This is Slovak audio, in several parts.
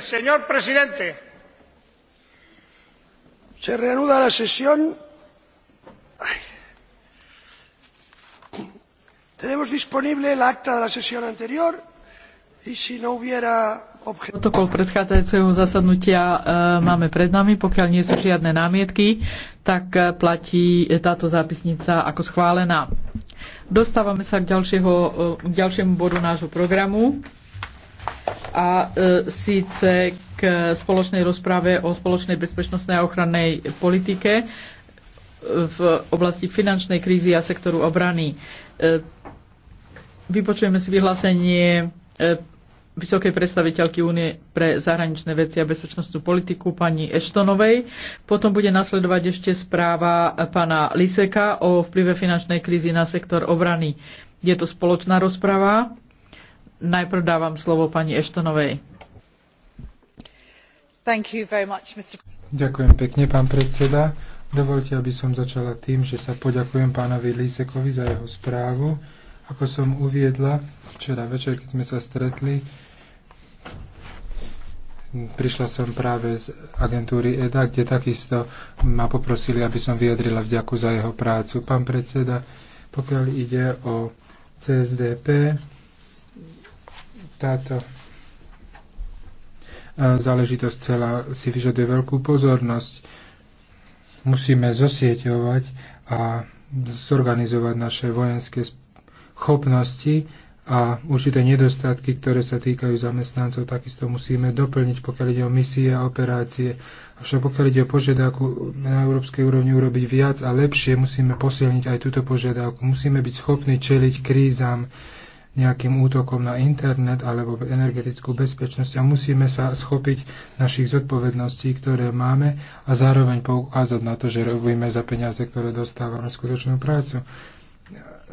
señor presidente. Se reanuda la sesión. Tenemos disponible acta de la sesión anterior y si no hubiera Protokol predchádzajúceho zasadnutia e, máme pred nami. Pokiaľ nie sú žiadne námietky, tak e, platí e, táto zápisnica ako schválená. Dostávame sa k, ďalšieho, k ďalšiemu bodu nášho programu a e, síce k spoločnej rozprave o spoločnej bezpečnostnej a ochrannej politike v oblasti finančnej krízy a sektoru obrany. E, vypočujeme si vyhlásenie e, vysokej predstaviteľky Únie pre zahraničné veci a bezpečnostnú politiku pani Eštonovej. Potom bude nasledovať ešte správa pána Liseka o vplyve finančnej krízy na sektor obrany. Je to spoločná rozprava. Najprv dávam slovo pani Eštonovej. Ďakujem pekne, pán predseda. Dovolte, aby som začala tým, že sa poďakujem pánovi Lísekovi za jeho správu. Ako som uviedla včera večer, keď sme sa stretli, prišla som práve z agentúry EDA, kde takisto ma poprosili, aby som vyjadrila vďaku za jeho prácu. Pán predseda, pokiaľ ide o CSDP, táto záležitosť celá si vyžaduje veľkú pozornosť. Musíme zosieťovať a zorganizovať naše vojenské schopnosti a určité nedostatky, ktoré sa týkajú zamestnancov, takisto musíme doplniť, pokiaľ ide o misie a operácie. Avšak pokiaľ ide o požiadavku na európskej úrovni urobiť viac a lepšie, musíme posilniť aj túto požiadavku. Musíme byť schopní čeliť krízam, nejakým útokom na internet alebo energetickú bezpečnosť a musíme sa schopiť našich zodpovedností, ktoré máme a zároveň poukázať na to, že robíme za peniaze, ktoré dostávame skutočnú prácu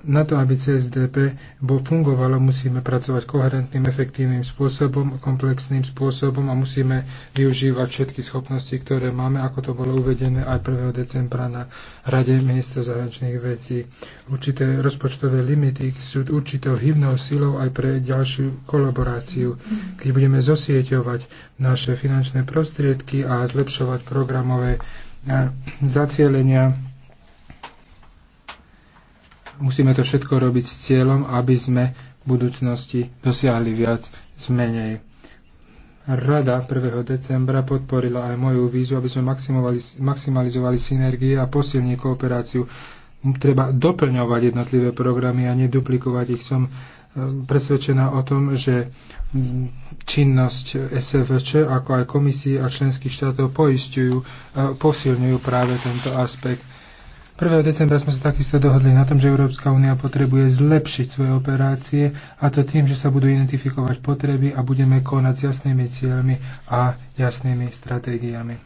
na to, aby CSDP bo fungovalo, musíme pracovať koherentným, efektívnym spôsobom, komplexným spôsobom a musíme využívať všetky schopnosti, ktoré máme, ako to bolo uvedené aj 1. decembra na Rade ministrov zahraničných vecí. Určité rozpočtové limity sú určitou hybnou silou aj pre ďalšiu kolaboráciu. Keď budeme zosieťovať naše finančné prostriedky a zlepšovať programové eh, zacielenia, musíme to všetko robiť s cieľom, aby sme v budúcnosti dosiahli viac z menej. Rada 1. decembra podporila aj moju vízu, aby sme maximalizovali synergie a posilní kooperáciu. Treba doplňovať jednotlivé programy a neduplikovať ich. Som e, presvedčená o tom, že činnosť SFČ ako aj Komisie a členských štátov poisťujú, e, posilňujú práve tento aspekt 1. decembra sme sa takisto dohodli na tom, že Európska únia potrebuje zlepšiť svoje operácie a to tým, že sa budú identifikovať potreby a budeme konať s jasnými cieľmi a jasnými stratégiami.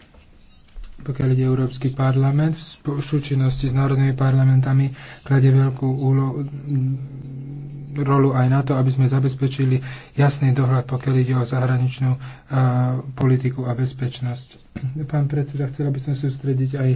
Pokiaľ ide Európsky parlament, v súčinnosti s národnými parlamentami kladie veľkú úlo- rolu aj na to, aby sme zabezpečili jasný dohľad, pokiaľ ide o zahraničnú uh, politiku a bezpečnosť. Pán predseda, chcela by som sústrediť aj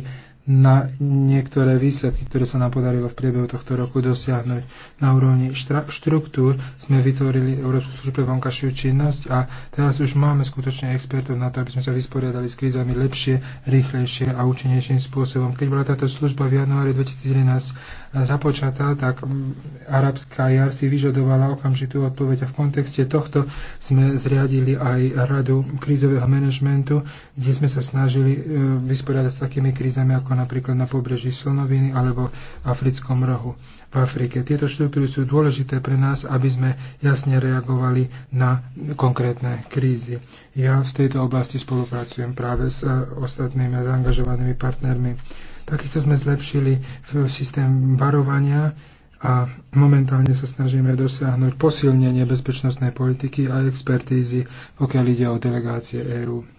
na niektoré výsledky, ktoré sa nám podarilo v priebehu tohto roku dosiahnuť. Na úrovni štruktúr sme vytvorili Európsku službu vonkašiu činnosť a teraz už máme skutočne expertov na to, aby sme sa vysporiadali s krízami lepšie, rýchlejšie a účinnejším spôsobom. Keď bola táto služba v januári 2011 započatá, tak mm, arabská jar si vyžadovala okamžitú odpoveď a v kontexte tohto sme zriadili aj radu krízového manažmentu, kde sme sa snažili e, vysporiadať s takými krízami ako napríklad na pobreží Slonoviny alebo Africkom rohu v Afrike. Tieto štruktúry sú dôležité pre nás, aby sme jasne reagovali na konkrétne krízy. Ja v tejto oblasti spolupracujem práve s e, ostatnými zaangažovanými partnermi. Takisto sme zlepšili e, systém varovania a momentálne sa snažíme dosiahnuť posilnenie bezpečnostnej politiky a expertízy, pokiaľ ide o delegácie EÚ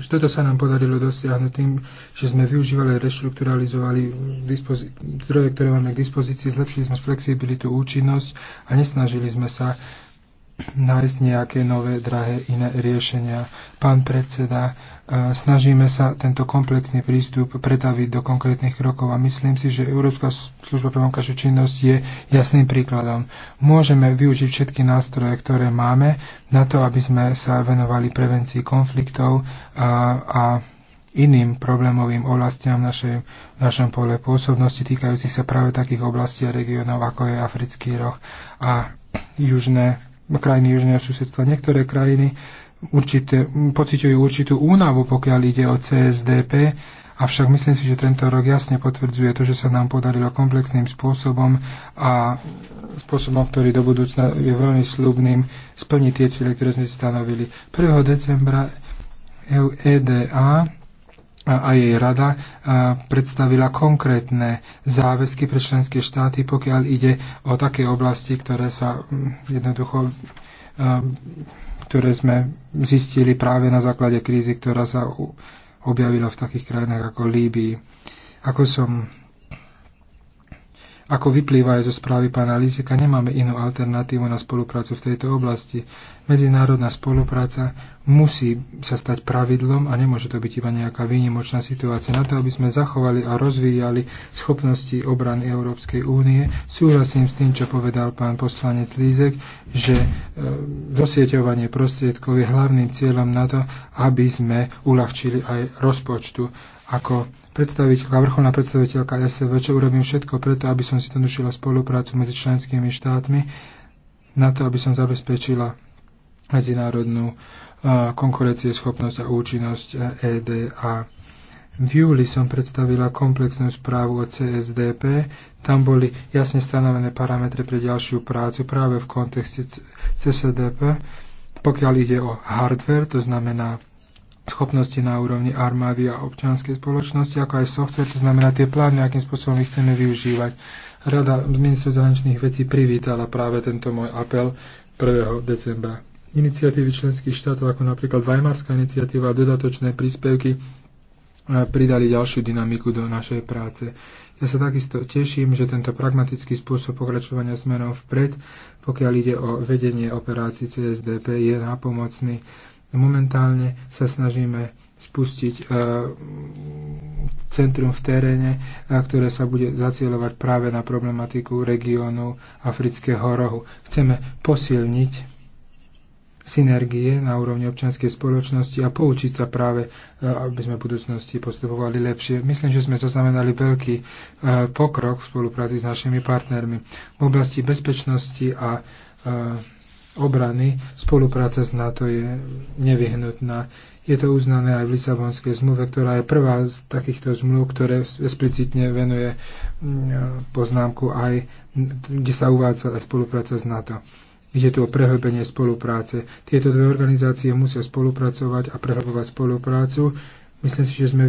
že toto sa nám podarilo dosiahnuť tým, že sme využívali, reštrukturalizovali zdroje, ktoré máme k dispozícii, zlepšili sme flexibilitu, účinnosť a nesnažili sme sa nájsť nejaké nové, drahé, iné riešenia. Pán predseda, e, snažíme sa tento komplexný prístup pretaviť do konkrétnych krokov a myslím si, že Európska služba pre vonkajšiu činnosť je jasným príkladom. Môžeme využiť všetky nástroje, ktoré máme na to, aby sme sa venovali prevencii konfliktov a, e, a iným problémovým oblastiam v našej, v našom pole pôsobnosti týkajúcich sa práve takých oblastí a regionov, ako je Africký roh a južné krajiny južného susedstva. Niektoré krajiny určité, pociťujú určitú únavu, pokiaľ ide o CSDP, avšak myslím si, že tento rok jasne potvrdzuje to, že sa nám podarilo komplexným spôsobom a spôsobom, ktorý do budúcna je veľmi slubným, splniť tie ciele, ktoré sme si stanovili. 1. decembra EDA a jej rada predstavila konkrétne záväzky pre členské štáty, pokiaľ ide o také oblasti, ktoré sa jednoducho ktoré sme zistili práve na základe krízy, ktorá sa objavila v takých krajinách ako Líbii. Ako som ako vyplýva aj zo správy pána Lizika, nemáme inú alternatívu na spoluprácu v tejto oblasti. Medzinárodná spolupráca musí sa stať pravidlom a nemôže to byť iba nejaká výnimočná situácia. Na to, aby sme zachovali a rozvíjali schopnosti obrany Európskej únie, súhlasím s tým, čo povedal pán poslanec Lízek, že e, dosieťovanie prostriedkov je hlavným cieľom na to, aby sme uľahčili aj rozpočtu ako predstaviteľka, vrcholná predstaviteľka SV, čo urobím všetko preto, aby som si zjednodušila spoluprácu medzi členskými štátmi na to, aby som zabezpečila medzinárodnú e, konkurencieschopnosť a účinnosť EDA. E v júli som predstavila komplexnú správu o CSDP. Tam boli jasne stanovené parametre pre ďalšiu prácu práve v kontexte CSDP. Pokiaľ ide o hardware, to znamená schopnosti na úrovni armády a občianskej spoločnosti, ako aj software, to znamená tie plány, akým spôsobom ich chceme využívať. Rada ministra zahraničných vecí privítala práve tento môj apel 1. decembra. Iniciatívy členských štátov, ako napríklad Weimarská iniciatíva a dodatočné príspevky, e, pridali ďalšiu dynamiku do našej práce. Ja sa takisto teším, že tento pragmatický spôsob pokračovania smerom vpred, pokiaľ ide o vedenie operácií CSDP, je nápomocný Momentálne sa snažíme spustiť e, centrum v teréne, e, ktoré sa bude zacielovať práve na problematiku regiónu Afrického rohu. Chceme posilniť synergie na úrovni občianskej spoločnosti a poučiť sa práve, e, aby sme v budúcnosti postupovali lepšie. Myslím, že sme zaznamenali veľký pokrok v spolupráci s našimi partnermi v oblasti bezpečnosti a obrany, spolupráca s NATO je nevyhnutná. Je to uznané aj v Lisabonskej zmluve, ktorá je prvá z takýchto zmluv, ktoré explicitne venuje mm, poznámku aj, kde sa uvádza aj spolupráca s NATO. Ide tu o prehlbenie spolupráce. Tieto dve organizácie musia spolupracovať a prehlbovať spoluprácu, Myslím si, že sme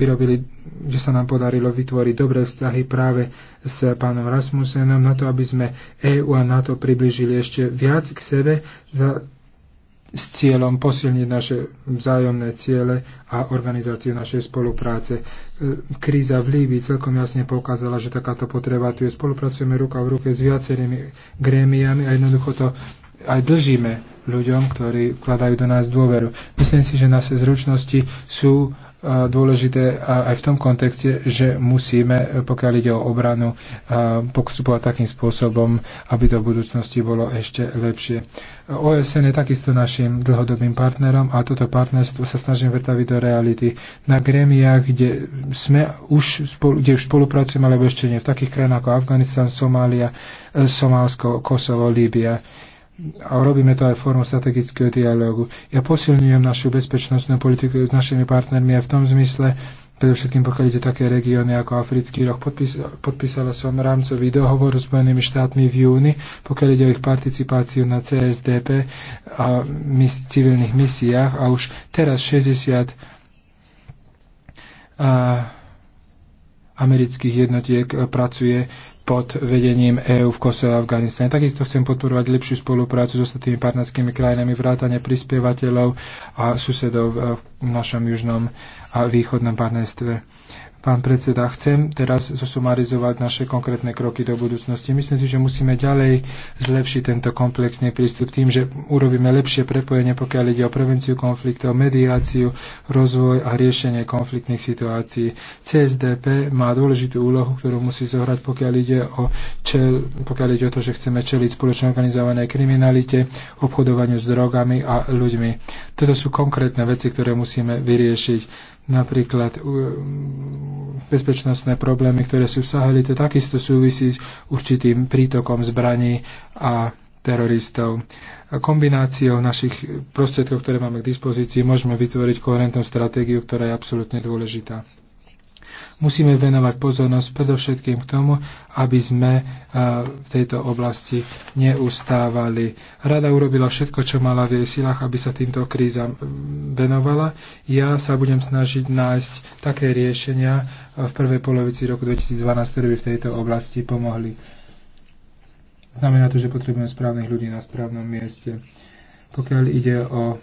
vyrobili, že sa nám podarilo vytvoriť dobré vzťahy práve s pánom Rasmusenom na to, aby sme EU a NATO približili ešte viac k sebe za, s cieľom posilniť naše vzájomné ciele a organizáciu našej spolupráce. E, kríza v Líbii celkom jasne pokázala, že takáto potreba tu je. Spolupracujeme ruka v ruke s viacerými grémiami a jednoducho to aj držíme ľuďom, ktorí vkladajú do nás dôveru. Myslím si, že naše zručnosti sú e, dôležité aj v tom kontexte, že musíme, e, pokiaľ ide o obranu, e, postupovať takým spôsobom, aby to v budúcnosti bolo ešte lepšie. OSN je takisto našim dlhodobým partnerom a toto partnerstvo sa snažím vrtaviť do reality. Na gremiách, kde, sme už, spolu, kde už spolupracujeme, alebo ešte nie, v takých krajinách ako Afganistan, Somália, Somálsko, Kosovo, Líbia a robíme to aj formu strategického dialogu. Ja posilňujem našu bezpečnostnú politiku s našimi partnermi aj v tom zmysle, predovšetkým pokiaľ ide také regióny ako Africký roh. Podpísala, podpísala som rámcový dohovor s Spojenými štátmi v júni, pokiaľ ide o ich participáciu na CSDP a mis, civilných misiách a už teraz 60 a, amerických jednotiek eh, pracuje pod vedením EÚ v Kosove a Afganistane. Takisto chcem podporovať lepšiu spoluprácu s ostatnými partnerskými krajinami, vrátane prispievateľov a susedov v našom južnom a východnom partnerstve. Pán predseda, chcem teraz zosumarizovať naše konkrétne kroky do budúcnosti. Myslím si, že musíme ďalej zlepšiť tento komplexný prístup tým, že urobíme lepšie prepojenie, pokiaľ ide o prevenciu konfliktov, mediáciu, rozvoj a riešenie konfliktných situácií. CSDP má dôležitú úlohu, ktorú musí zohrať, pokiaľ ide o, čel, pokiaľ ide o to, že chceme čeliť spoločne organizovanej kriminalite, obchodovaniu s drogami a ľuďmi. Toto sú konkrétne veci, ktoré musíme vyriešiť Napríklad bezpečnostné problémy, ktoré sú v Saheli, to takisto súvisí s určitým prítokom zbraní a teroristov. Kombináciou našich prostriedkov, ktoré máme k dispozícii, môžeme vytvoriť koherentnú stratégiu, ktorá je absolútne dôležitá musíme venovať pozornosť predovšetkým k tomu, aby sme eh, v tejto oblasti neustávali. Rada urobila všetko, čo mala v jej silách, aby sa týmto krízam mm, venovala. Ja sa budem snažiť nájsť také riešenia eh, v prvej polovici roku 2012, ktoré by v tejto oblasti pomohli. Znamená to, že potrebujeme správnych ľudí na správnom mieste. Pokiaľ ide o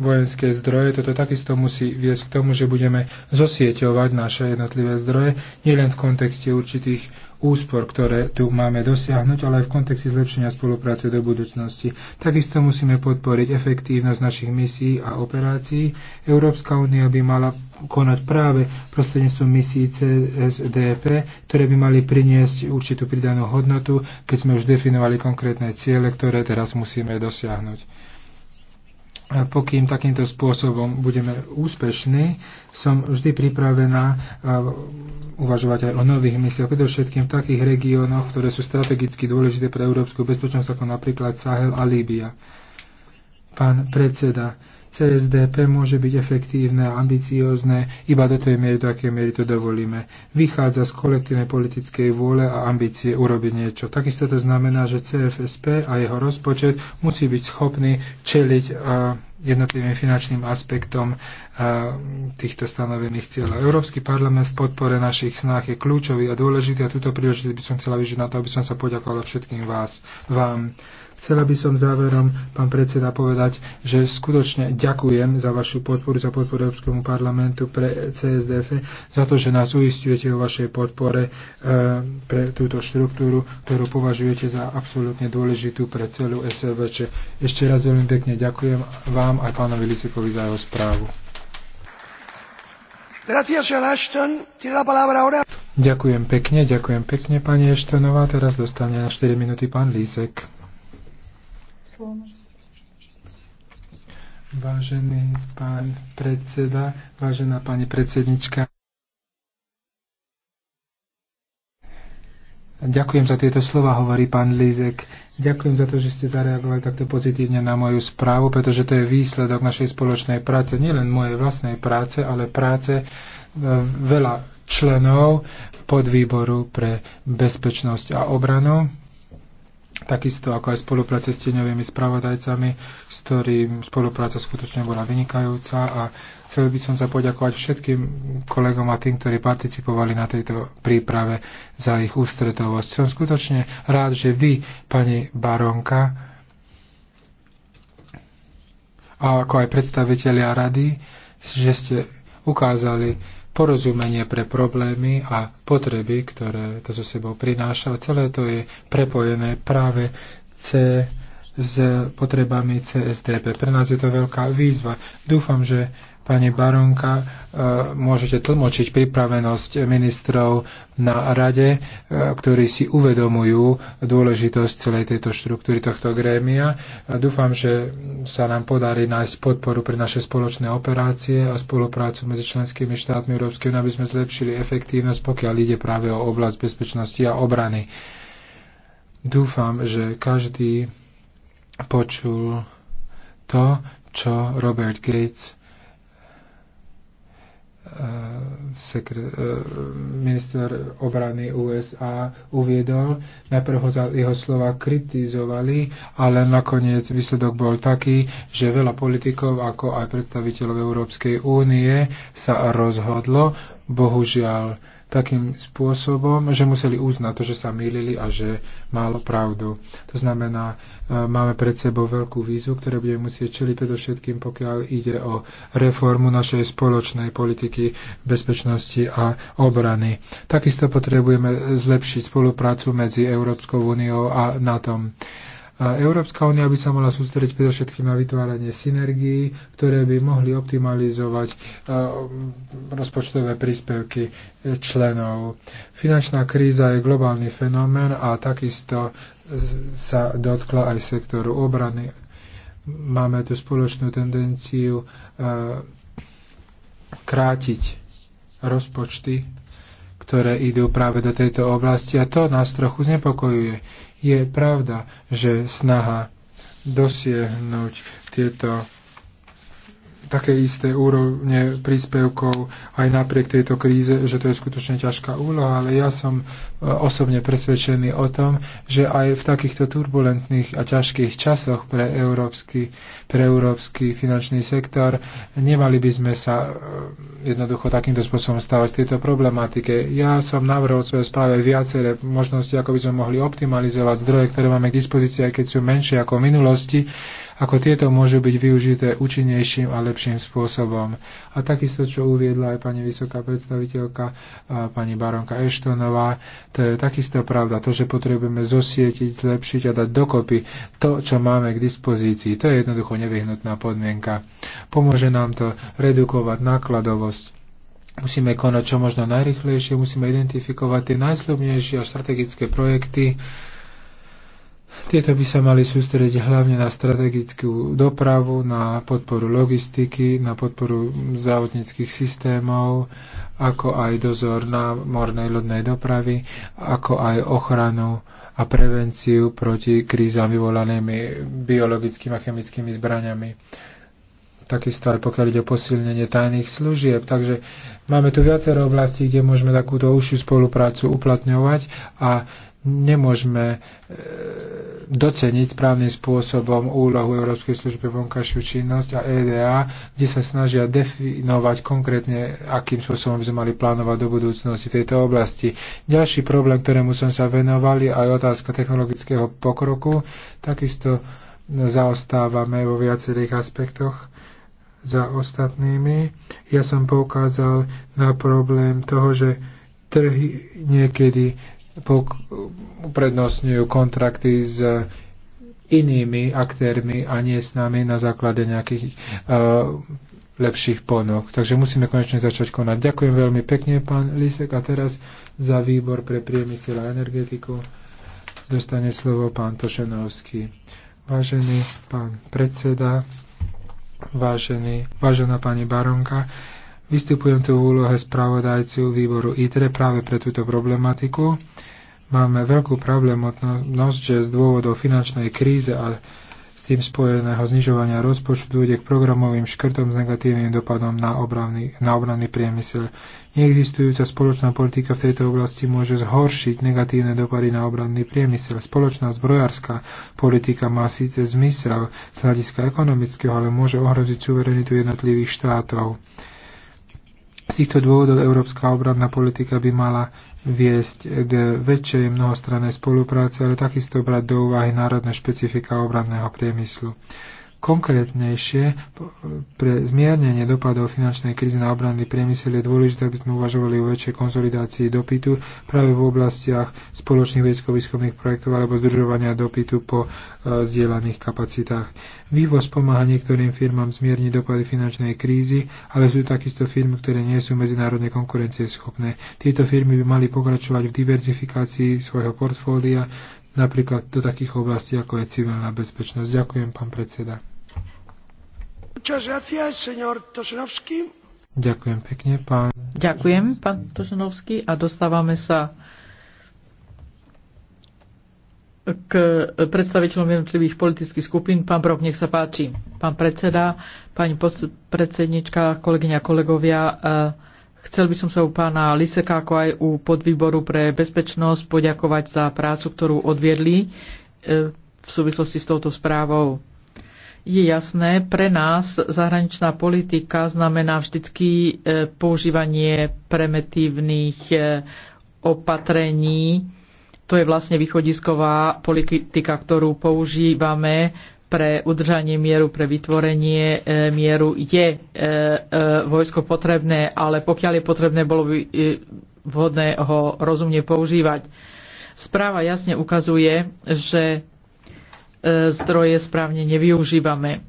vojenské zdroje. Toto takisto musí viesť k tomu, že budeme zosieťovať naše jednotlivé zdroje, nielen v kontexte určitých úspor, ktoré tu máme dosiahnuť, ale aj v kontexte zlepšenia spolupráce do budúcnosti. Takisto musíme podporiť efektívnosť našich misií a operácií. Európska únia by mala konať práve prostredníctvom misií CSDP, ktoré by mali priniesť určitú pridanú hodnotu, keď sme už definovali konkrétne ciele, ktoré teraz musíme dosiahnuť pokým takýmto spôsobom budeme úspešní, som vždy pripravená uvažovať aj o nových misiach, predovšetkým v takých regiónoch, ktoré sú strategicky dôležité pre európsku bezpečnosť, ako napríklad Sahel a Líbia. Pán predseda, CSDP môže byť efektívne a ambiciózne iba do tej miery, do akej miery to dovolíme. Vychádza z kolektívnej politickej vôle a ambície urobiť niečo. Takisto to znamená, že CFSP a jeho rozpočet musí byť schopný čeliť uh, jednotlivým finančným aspektom eh, týchto stanovených cieľov. Európsky parlament v podpore našich snách je kľúčový a dôležitý a túto príležitosť by som chcela vyžiť na to, aby som sa poďakovala všetkým vás, vám. Chcela by som záverom, pán predseda, povedať, že skutočne ďakujem za vašu podporu, za podporu Európskemu parlamentu pre CSDF, za to, že nás uistujete o vašej podpore e, pre túto štruktúru, ktorú považujete za absolútne dôležitú pre celú SLVČ. Ešte raz veľmi pekne ďakujem vám vám aj pánovi Lisekovi za jeho správu. Ďakujem pekne, ďakujem pekne, pani Eštonová. Teraz dostane na 4 minúty pán Lisek. Vážený pán predseda, vážená pani predsednička. Ďakujem za tieto slova, hovorí pán Lízek. Ďakujem za to, že ste zareagovali takto pozitívne na moju správu, pretože to je výsledok našej spoločnej práce, nielen mojej vlastnej práce, ale práce e, veľa členov podvýboru pre bezpečnosť a obranu takisto ako aj spolupráce s tieňovými spravodajcami, s ktorým spolupráca skutočne bola vynikajúca a chcel by som sa poďakovať všetkým kolegom a tým, ktorí participovali na tejto príprave za ich ústretovosť. Som skutočne rád, že vy, pani Baronka, a ako aj predstavitelia rady, že ste ukázali porozumenie pre problémy a potreby, ktoré to so sebou prináša. Celé to je prepojené práve C s potrebami CSDP. Pre nás je to veľká výzva. Dúfam, že Pani Baronka, e, môžete tlmočiť pripravenosť ministrov na rade, e, ktorí si uvedomujú dôležitosť celej tejto štruktúry tohto grémia. E, dúfam, že sa nám podarí nájsť podporu pre naše spoločné operácie a spoluprácu medzi členskými štátmi Európskej aby sme zlepšili efektívnosť, pokiaľ ide práve o oblasť bezpečnosti a obrany. Dúfam, že každý počul to, čo Robert Gates sekre, e, minister obrany USA uviedol. Najprv ho za jeho slova kritizovali, ale nakoniec výsledok bol taký, že veľa politikov, ako aj predstaviteľov Európskej únie sa rozhodlo, bohužiaľ takým spôsobom, že museli uznať to, že sa mýlili a že málo pravdu. To znamená, e, máme pred sebou veľkú vízu, ktoré budeme musieť čeliť predovšetkým, pokiaľ ide o reformu našej spoločnej politiky bezpečnosti a obrany. Takisto potrebujeme zlepšiť spoluprácu medzi Európskou úniou a NATO. Európska únia by sa mala sústrediť predovšetkým na vytváranie synergií, ktoré by mohli optimalizovať e, rozpočtové príspevky členov. Finančná kríza je globálny fenomén a takisto sa dotkla aj sektoru obrany. Máme tu spoločnú tendenciu e, krátiť rozpočty, ktoré idú práve do tejto oblasti a to nás trochu znepokojuje je pravda, že snaha dosiahnuť tieto také isté úrovne príspevkov aj napriek tejto kríze, že to je skutočne ťažká úloha, ale ja som e, osobne presvedčený o tom, že aj v takýchto turbulentných a ťažkých časoch pre európsky, pre európsky finančný sektor nemali by sme sa e, jednoducho takýmto spôsobom stávať v tejto problematike. Ja som navrhol svoje správe viaceré možnosti, ako by sme mohli optimalizovať zdroje, ktoré máme k dispozícii, aj keď sú menšie ako v minulosti, ako tieto môžu byť využité účinnejším a lepším spôsobom. A takisto, čo uviedla aj pani vysoká predstaviteľka, pani baronka Eštonová, to je takisto pravda, to, že potrebujeme zosietiť, zlepšiť a dať dokopy to, čo máme k dispozícii. To je jednoducho nevyhnutná podmienka. Pomôže nám to redukovať nákladovosť musíme konať čo možno najrychlejšie, musíme identifikovať tie najslobnejšie a strategické projekty, tieto by sa mali sústrediť hlavne na strategickú dopravu, na podporu logistiky, na podporu zdravotníckých systémov, ako aj dozor na mornej lodnej dopravy, ako aj ochranu a prevenciu proti krízam vyvolanými biologickými a chemickými zbraniami takisto aj pokiaľ ide o posilnenie tajných služieb. Takže máme tu viacero oblastí, kde môžeme takúto užšiu spoluprácu uplatňovať a nemôžeme e, doceniť správnym spôsobom úlohu Európskej služby vonkajšiu činnosť a EDA, kde sa snažia definovať konkrétne, akým spôsobom by sme mali plánovať do budúcnosti tejto oblasti. Ďalší problém, ktorému som sa venoval, je aj otázka technologického pokroku. Takisto zaostávame vo viacerých aspektoch za ostatnými. Ja som poukázal na problém toho, že trhy niekedy uprednostňujú kontrakty s inými aktérmi a nie s nami na základe nejakých uh, lepších ponok. Takže musíme konečne začať konať. Ďakujem veľmi pekne, pán Lisek. A teraz za výbor pre priemysel a energetiku dostane slovo pán Tošenovský. Vážený pán predseda, vážený, vážená pani Baronka. Vystupujem tu v úlohe spravodajcu výboru ITRE práve pre túto problematiku. Máme veľkú problémotnosť, že z dôvodov finančnej kríze a tým spojeného znižovania rozpočtu ide k programovým škrtom s negatívnym dopadom na obranný, na obranný priemysel. Neexistujúca spoločná politika v tejto oblasti môže zhoršiť negatívne dopady na obranný priemysel. Spoločná zbrojárska politika má síce zmysel z hľadiska ekonomického, ale môže ohroziť suverenitu jednotlivých štátov. Z týchto dôvodov európska obranná politika by mala viesť k väčšej mnohostrannej spolupráci, ale takisto brať do úvahy národné špecifika obranného priemyslu konkrétnejšie pre zmiernenie dopadov finančnej krízy na obranný priemysel je dôležité, aby sme uvažovali o väčšej konsolidácii dopytu práve v oblastiach spoločných vedecko-výskumných projektov alebo združovania dopytu po e, zdieľaných kapacitách. Vývoz pomáha niektorým firmám zmierniť dopady finančnej krízy, ale sú takisto firmy, ktoré nie sú medzinárodne konkurencieschopné. Tieto firmy by mali pokračovať v diverzifikácii svojho portfólia, napríklad do takých oblastí, ako je civilná bezpečnosť. Ďakujem, pán predseda. Ďakujem pekne, pán. Ďakujem, pán Tošenovský. A dostávame sa k predstaviteľom jednotlivých politických skupín. Pán Brok, nech sa páči. Pán predseda, pani predsednička, kolegyňa, kolegovia, e, chcel by som sa u pána Liseka, ako aj u podvýboru pre bezpečnosť poďakovať za prácu, ktorú odviedli e, v súvislosti s touto správou je jasné, pre nás zahraničná politika znamená vždycky e, používanie premetívnych e, opatrení. To je vlastne východisková politika, ktorú používame pre udržanie mieru, pre vytvorenie e, mieru. Je vojsko potrebné, ale pokiaľ je potrebné, bolo by vhodné ho rozumne používať. Správa jasne ukazuje, že E, zdroje správne nevyužívame.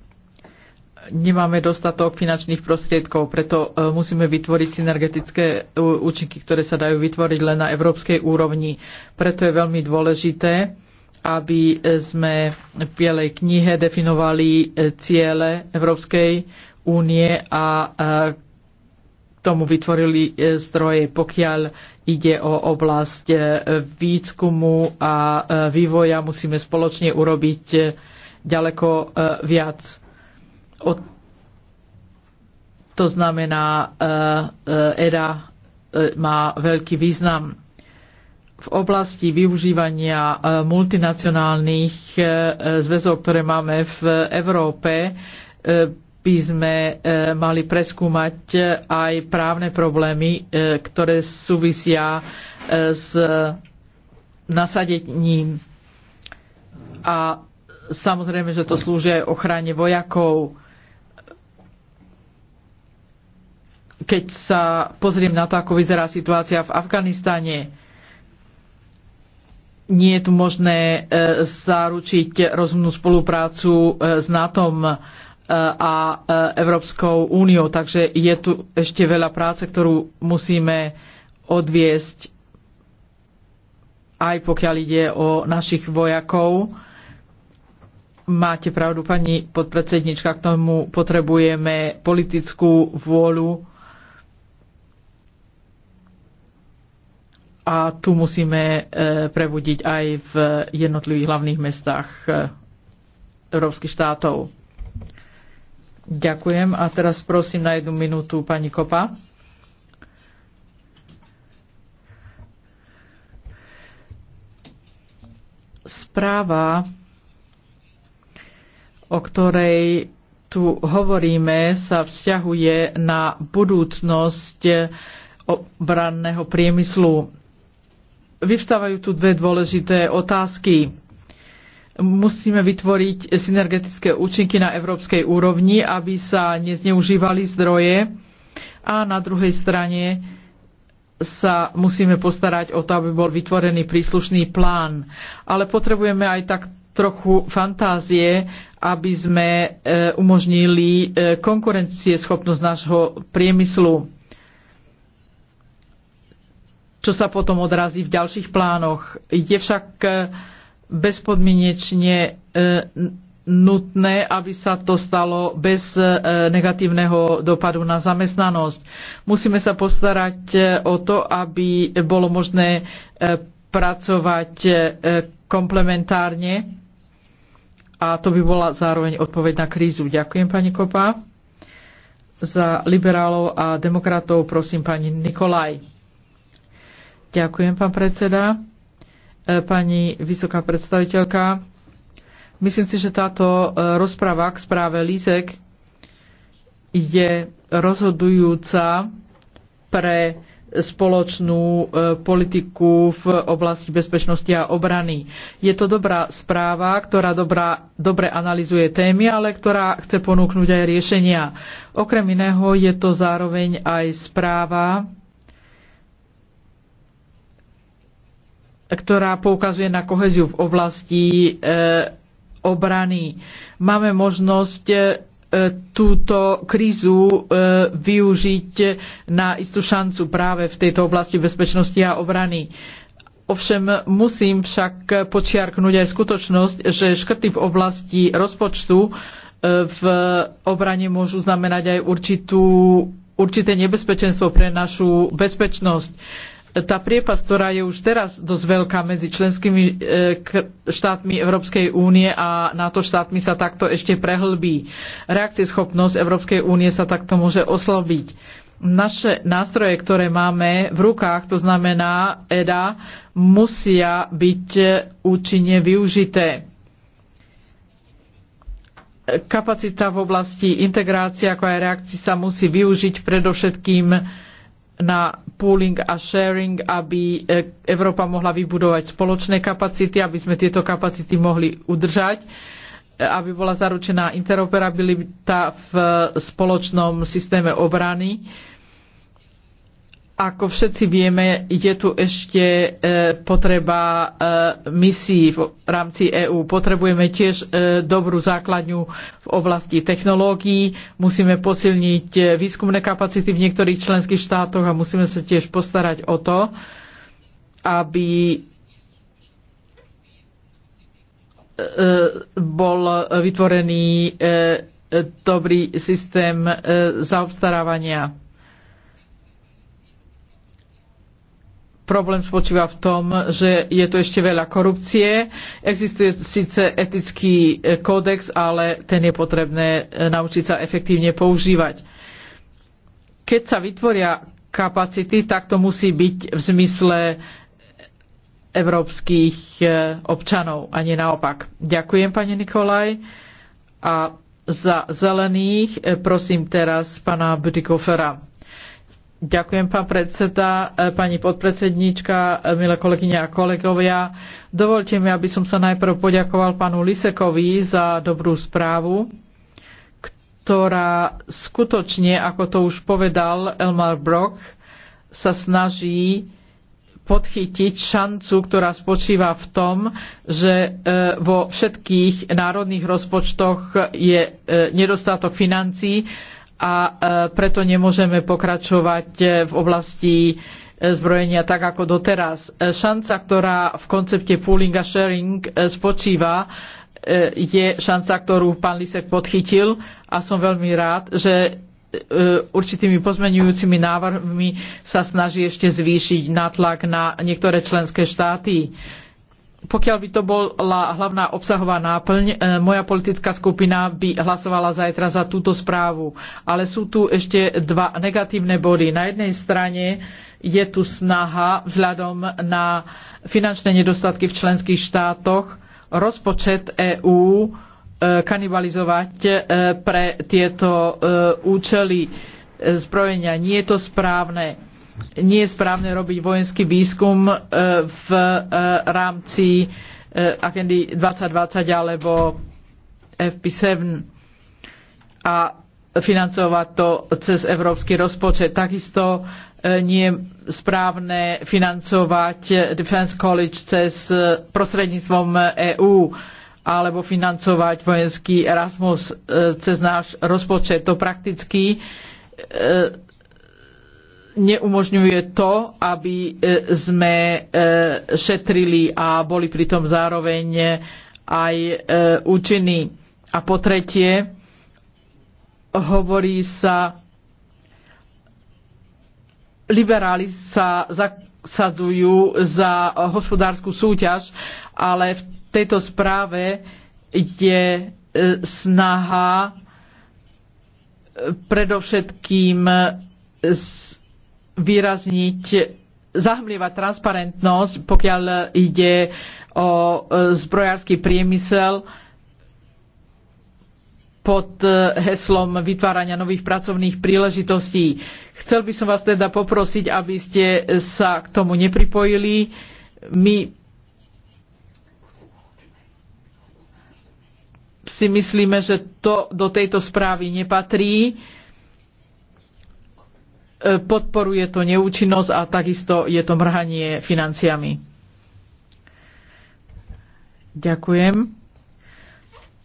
Nemáme dostatok finančných prostriedkov, preto e, musíme vytvoriť synergetické účinky, ktoré sa dajú vytvoriť len na európskej úrovni. Preto je veľmi dôležité, aby sme v Bielej knihe definovali e, ciele Európskej únie a tomu vytvorili e, zdroje, pokiaľ ide o oblasť e, výskumu a e, vývoja, musíme spoločne urobiť ďaleko viac. To znamená, EDA má veľký význam v oblasti využívania multinacionálnych zväzov, ktoré máme v Európe, by sme e, mali preskúmať e, aj právne problémy, e, ktoré súvisia s nasadením. A samozrejme, že to slúži aj ochrane vojakov. Keď sa pozriem na to, ako vyzerá situácia v Afganistane, nie je tu možné zaručiť rozumnú spoluprácu s NATO. Eh, a eh, Európskou úniou. Takže je tu ešte veľa práce, ktorú musíme odviesť aj pokiaľ ide o našich vojakov. Máte pravdu, pani podpredsednička, k tomu potrebujeme politickú vôľu a tu musíme eh, prebudiť aj v jednotlivých hlavných mestách európskych štátov. Ďakujem. A teraz prosím na jednu minútu pani Kopa. Správa, o ktorej tu hovoríme, sa vzťahuje na budúcnosť obranného priemyslu. Vyvstávajú tu dve dôležité otázky musíme vytvoriť synergetické účinky na európskej úrovni, aby sa nezneužívali zdroje a na druhej strane sa musíme postarať o to, aby bol vytvorený príslušný plán. Ale potrebujeme aj tak trochu fantázie, aby sme e, umožnili e, konkurencieschopnosť nášho priemyslu, čo sa potom odrazí v ďalších plánoch. Je však e, bezpodmienečne e, nutné, aby sa to stalo bez e, negatívneho dopadu na zamestnanosť. Musíme sa postarať e, o to, aby bolo možné pracovať komplementárne a to by bola zároveň odpoveď na krízu. Ďakujem, pani Kopa. Za liberálov a demokratov prosím pani Nikolaj. Ďakujem, pán predseda. E, pani vysoká predstaviteľka. Myslím si, že táto e, rozpráva k správe Lízek je rozhodujúca pre spoločnú e, politiku v oblasti bezpečnosti a obrany. Je to dobrá správa, ktorá dobrá, dobre analizuje témy, ale ktorá chce ponúknuť aj riešenia. Okrem iného je to zároveň aj správa, ktorá poukazuje na koheziu v oblasti e, obrany. Máme možnosť e, túto krízu e, využiť na istú šancu práve v tejto oblasti bezpečnosti a obrany. Ovšem musím však počiarknúť aj skutočnosť, že škrty v oblasti rozpočtu v obrane môžu znamenať aj určitú, určité nebezpečenstvo pre našu bezpečnosť tá priepas, ktorá je už teraz dosť veľká medzi členskými e, štátmi Európskej únie a NATO štátmi sa takto ešte prehlbí. Reakcieschopnosť Európskej únie sa takto môže oslobiť. Naše nástroje, ktoré máme v rukách, to znamená EDA, musia byť účinne využité kapacita v oblasti integrácie ako aj reakcií sa musí využiť predovšetkým na pooling a sharing, aby e, Európa mohla vybudovať spoločné kapacity, aby sme tieto kapacity mohli udržať, e, aby bola zaručená interoperabilita v e, spoločnom systéme obrany ako všetci vieme, je tu ešte e, potreba e, misií v rámci EÚ. Potrebujeme tiež e, dobrú základňu v oblasti technológií. Musíme posilniť výskumné kapacity v niektorých členských štátoch a musíme sa tiež postarať o to, aby bol vytvorený dobrý systém zaobstarávania Problém spočíva v tom, že je tu ešte veľa korupcie. Existuje síce etický e, kódex, ale ten je potrebné e, naučiť sa efektívne používať. Keď sa vytvoria kapacity, tak to musí byť v zmysle európskych e, občanov a nie naopak. Ďakujem, pani Nikolaj. A za zelených prosím teraz pana Budikofera. Ďakujem, pán predseda, e, pani podpredsedníčka, e, milé kolegyne a kolegovia. Dovolte mi, aby som sa najprv poďakoval pánu Lisekovi za dobrú správu, ktorá skutočne, ako to už povedal Elmar Brok, sa snaží podchytiť šancu, ktorá spočíva v tom, že e, vo všetkých národných rozpočtoch je nedostatok financií a e, preto nemôžeme pokračovať e, v oblasti e, zbrojenia tak ako doteraz. Šanca, ktorá v koncepte pooling a sharing spočíva, je šanca, ktorú pán Lisek podchytil a som veľmi rád, že určitými pozmenujúcimi návrhmi sa snaží ešte zvýšiť nátlak na niektoré členské štáty pokiaľ by to bola hlavná obsahová náplň, e, moja politická skupina by hlasovala zajtra za túto správu. Ale sú tu ešte dva negatívne body. Na jednej strane je tu snaha vzhľadom na finančné nedostatky v členských štátoch rozpočet EÚ e, kanibalizovať e, pre tieto účely zbrojenia. Nie je to správne nie je správne robiť vojenský výskum e, v e, rámci e, agendy 2020 alebo FP7 a financovať to cez európsky rozpočet. Takisto nie je správne financovať Defense College cez prostredníctvom EÚ alebo financovať vojenský Erasmus cez náš rozpočet. To prakticky neumožňuje to, aby e, sme e, šetrili a boli pritom zároveň e, aj účinní. A po tretie, hovorí sa, liberáli sa zasadzujú za hospodárskú súťaž, ale v tejto správe je snaha predovšetkým z vyrazniť zahmlievať transparentnosť, pokiaľ ide o e, zbrojársky priemysel pod e, heslom vytvárania nových pracovných príležitostí. Chcel by som vás teda poprosiť, aby ste sa k tomu nepripojili. My si myslíme, že to do tejto správy nepatrí. E, podporuje to neúčinnosť a takisto je to mrhanie financiami. Ďakujem.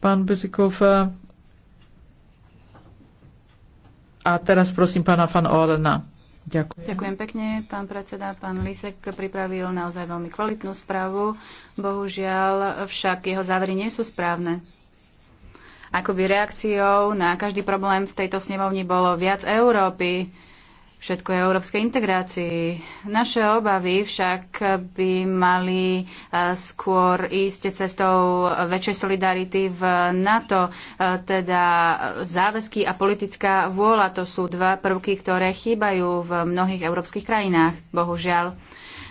Pán Bezikov. E, a teraz prosím pána Fan Orena. Ďakujem. Ďakujem pekne, pán predseda. Pán Lisek pripravil naozaj veľmi kvalitnú správu. Bohužiaľ však jeho závery nie sú správne akoby reakciou na každý problém v tejto snemovni bolo viac Európy všetko je európskej integrácii. Naše obavy však by mali e, skôr ísť cestou väčšej solidarity v NATO, e, teda záväzky a politická vôľa. To sú dva prvky, ktoré chýbajú v mnohých európskych krajinách, bohužiaľ.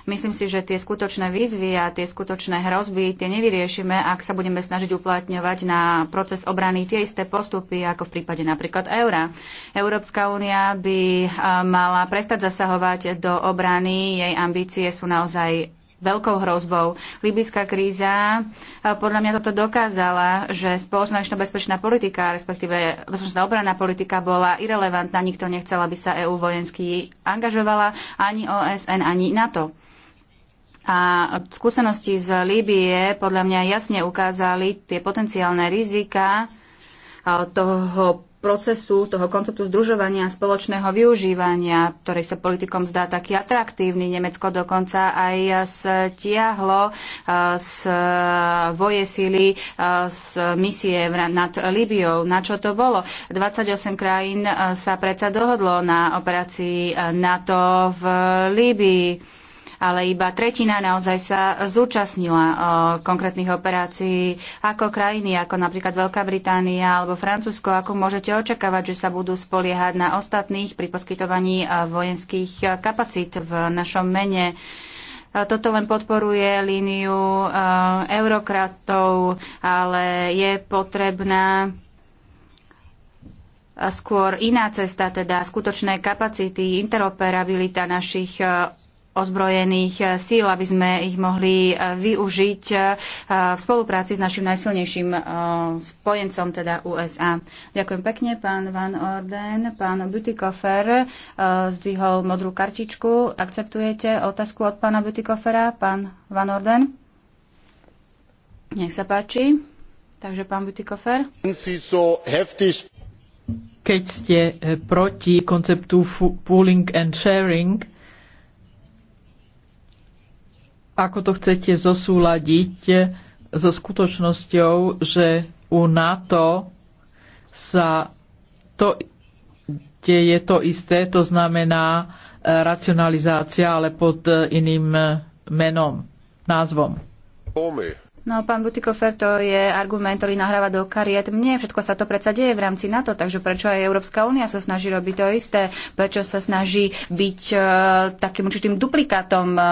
Myslím si, že tie skutočné výzvy a tie skutočné hrozby tie nevyriešime, ak sa budeme snažiť uplatňovať na proces obrany tie isté postupy, ako v prípade napríklad eura. Európska únia by eh, mala prestať zasahovať do obrany, jej ambície sú naozaj veľkou hrozbou. Libyská kríza eh, podľa mňa toto dokázala, že spoločná bezpečná politika, respektíve bezpečná obranná politika bola irrelevantná. Nikto nechcel, aby sa EÚ vojensky angažovala, ani OSN, ani NATO. A skúsenosti z Líbie podľa mňa jasne ukázali tie potenciálne rizika toho procesu, toho konceptu združovania spoločného využívania, ktorý sa politikom zdá taký atraktívny. Nemecko dokonca aj stiahlo z voje síly z misie nad Libiou. Na čo to bolo? 28 krajín sa predsa dohodlo na operácii NATO v Líbii ale iba tretina naozaj sa zúčastnila eh, konkrétnych operácií. Ako krajiny, ako napríklad Veľká Británia alebo Francúzsko, ako môžete očakávať, že sa budú spoliehať na ostatných pri poskytovaní eh, vojenských eh, kapacít v našom mene? Toto len podporuje líniu eurokratov, ale je potrebná skôr iná cesta, teda skutočné kapacity, interoperabilita našich ozbrojených eh, síl, aby sme ich mohli eh, využiť eh, v spolupráci s našim najsilnejším spojencom, teda USA. Ďakujem pekne, pán Van Orden. Pán Butikofer zdvihol modrú kartičku. Akceptujete otázku od pána Butikofera? Pán Van Orden? Nech sa páči. Takže pán Butikofer. Keď ste proti konceptu pooling and sharing, ako to chcete zosúladiť so skutočnosťou, že u NATO sa to deje to isté, to znamená e, racionalizácia, ale pod e, iným e, menom, názvom. No, pán Butikofer, to je argument, ktorý nahráva do kariet. Mne všetko sa to predsa deje v rámci NATO, takže prečo aj Európska únia sa snaží robiť to isté? Prečo sa snaží byť uh, takým určitým duplikátom uh,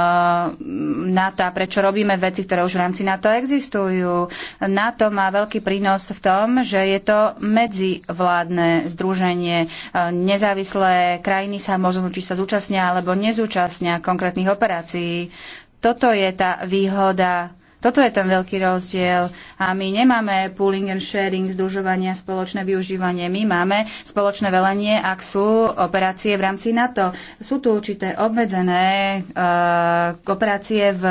NATO? Prečo robíme veci, ktoré už v rámci NATO existujú? NATO má veľký prínos v tom, že je to medzivládne združenie. Uh, nezávislé krajiny sa možno, či sa zúčastnia alebo nezúčastnia konkrétnych operácií. Toto je tá výhoda toto je ten veľký rozdiel. A my nemáme pooling and sharing, združovania, spoločné využívanie. My máme spoločné velenie, ak sú operácie v rámci NATO. Sú tu určité obmedzené uh, operácie v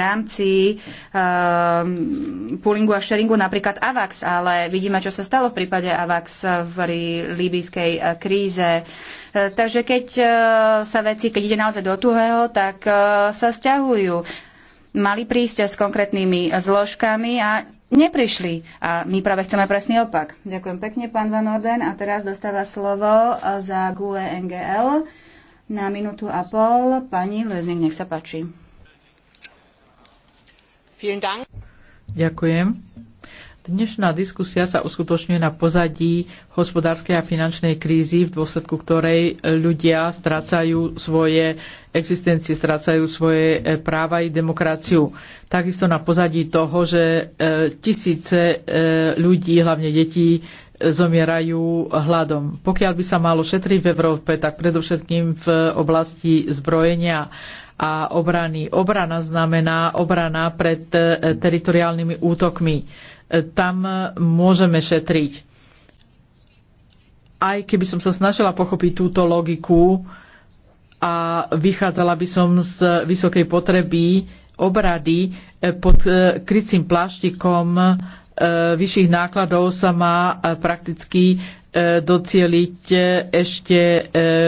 rámci uh, poolingu a sharingu, napríklad AVAX, ale vidíme, čo sa stalo v prípade AVAX v líbyjskej eh, kríze. Takže keď sa veci, keď ide naozaj do tuhého, tak sa sťahujú mali prísť s konkrétnymi zložkami a neprišli. A my práve chceme presný opak. Ďakujem pekne, pán Van Orden. A teraz dostáva slovo za GUE NGL na minútu a pol. Pani Lezing, nech sa páči. Ďakujem. Dnešná diskusia sa uskutočňuje na pozadí hospodárskej a finančnej krízy, v dôsledku ktorej ľudia strácajú svoje existencie, strácajú svoje e, práva i demokraciu. Takisto na pozadí toho, že e, tisíce e, ľudí, hlavne detí, zomierajú hladom. Pokiaľ by sa malo šetriť v Európe, tak predovšetkým v oblasti zbrojenia a obrany. Obrana znamená obrana pred teritoriálnymi útokmi tam môžeme šetriť. Aj keby som sa snažila pochopiť túto logiku a vychádzala by som z vysokej potreby obrady eh, pod eh, krycím pláštikom eh, vyšších nákladov sa má prakticky docieliť ešte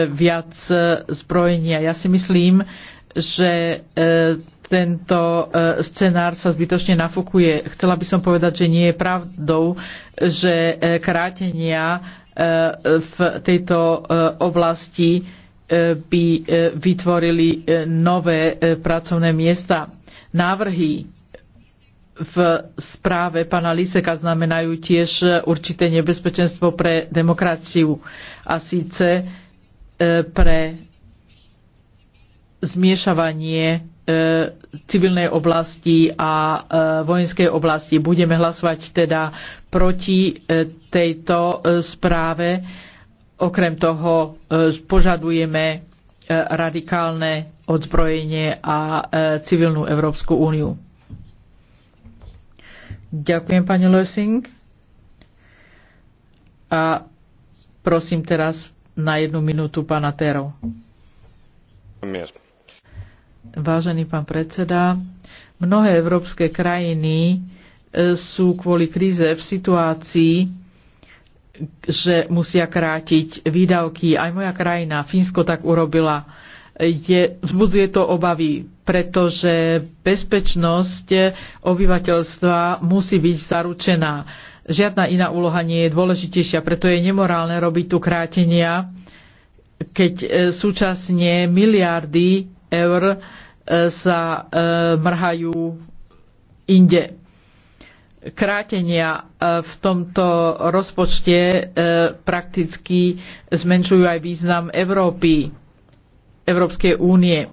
viac zbrojenia. Ja si myslím, že tento e, scenár sa zbytočne nafúkuje. Chcela by som povedať, že nie je pravdou, že e, krátenia e, v tejto oblasti by vytvorili nové pracovné miesta. Návrhy v správe pána Liseka znamenajú tiež určité nebezpečenstvo pre demokraciu a síce pre zmiešavanie E, civilnej oblasti a e, vojenskej oblasti. Budeme hlasovať teda proti e, tejto správe. Okrem toho požadujeme radikálne odzbrojenie a civilnú Európsku úniu. Ďakujem, pani Lösing. A prosím teraz na jednu minútu pána Terov. Vážený pán predseda, mnohé európske krajiny e, sú kvôli kríze v situácii, že musia krátiť výdavky. Aj moja krajina, Fínsko, tak urobila. Je, vzbudzuje to obavy, pretože bezpečnosť obyvateľstva musí byť zaručená. Žiadna iná úloha nie je dôležitejšia, preto je nemorálne robiť tu krátenia, keď e, súčasne miliardy eur e, sa e, mrhajú inde. Krátenia e, v tomto rozpočte prakticky zmenšujú aj význam Európy, Európskej únie.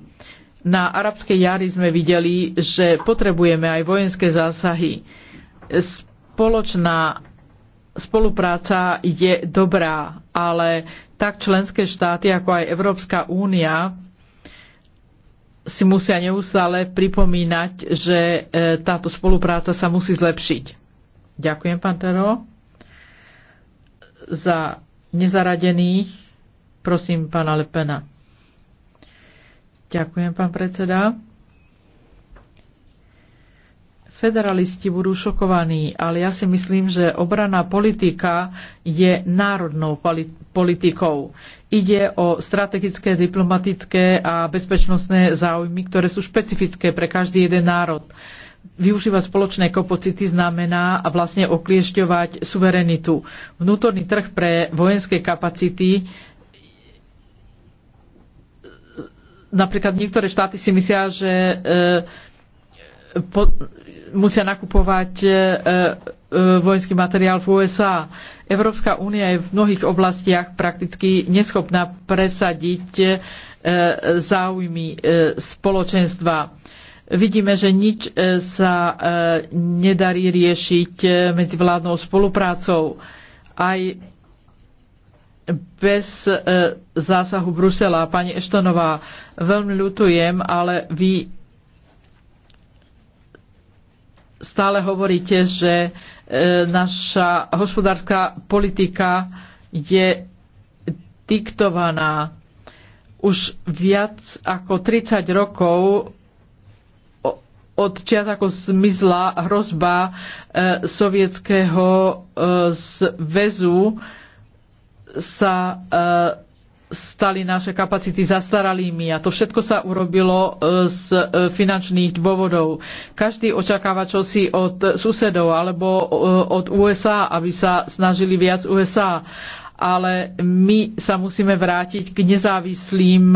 Na arabskej jari sme videli, že potrebujeme aj vojenské zásahy. Spoločná spolupráca je dobrá, ale tak členské štáty ako aj Európska únia si musia neustále pripomínať, že e, táto spolupráca sa musí zlepšiť. Ďakujem, pán Tero. Za nezaradených prosím pána Lepena. Ďakujem, pán predseda. Federalisti budú šokovaní, ale ja si myslím, že obraná politika je národnou politikou. Ide o strategické, diplomatické a bezpečnostné záujmy, ktoré sú špecifické pre každý jeden národ. Využívať spoločné kopocity znamená a vlastne okliešťovať suverenitu. Vnútorný trh pre vojenské kapacity napríklad niektoré štáty si myslia, že e, po, musia nakupovať e, E, vojenský materiál v USA. Európska únia je v mnohých oblastiach prakticky neschopná presadiť e, záujmy e, spoločenstva. Vidíme, že nič sa nedarí riešiť medzi vládnou spoluprácou. Aj bez zásahu Brusela. Pani Eštonová, veľmi ľutujem, ale vy stále hovoríte, že e, naša hospodárska politika je diktovaná už viac ako 30 rokov od čias, ako zmizla hrozba e, sovietskeho e, zväzu, sa stali naše kapacity zastaralými a to všetko sa urobilo e, z e, finančných dôvodov. Každý očakáva čosi od susedov alebo e, od USA, aby sa snažili viac USA ale my sa musíme vrátiť k nezávislým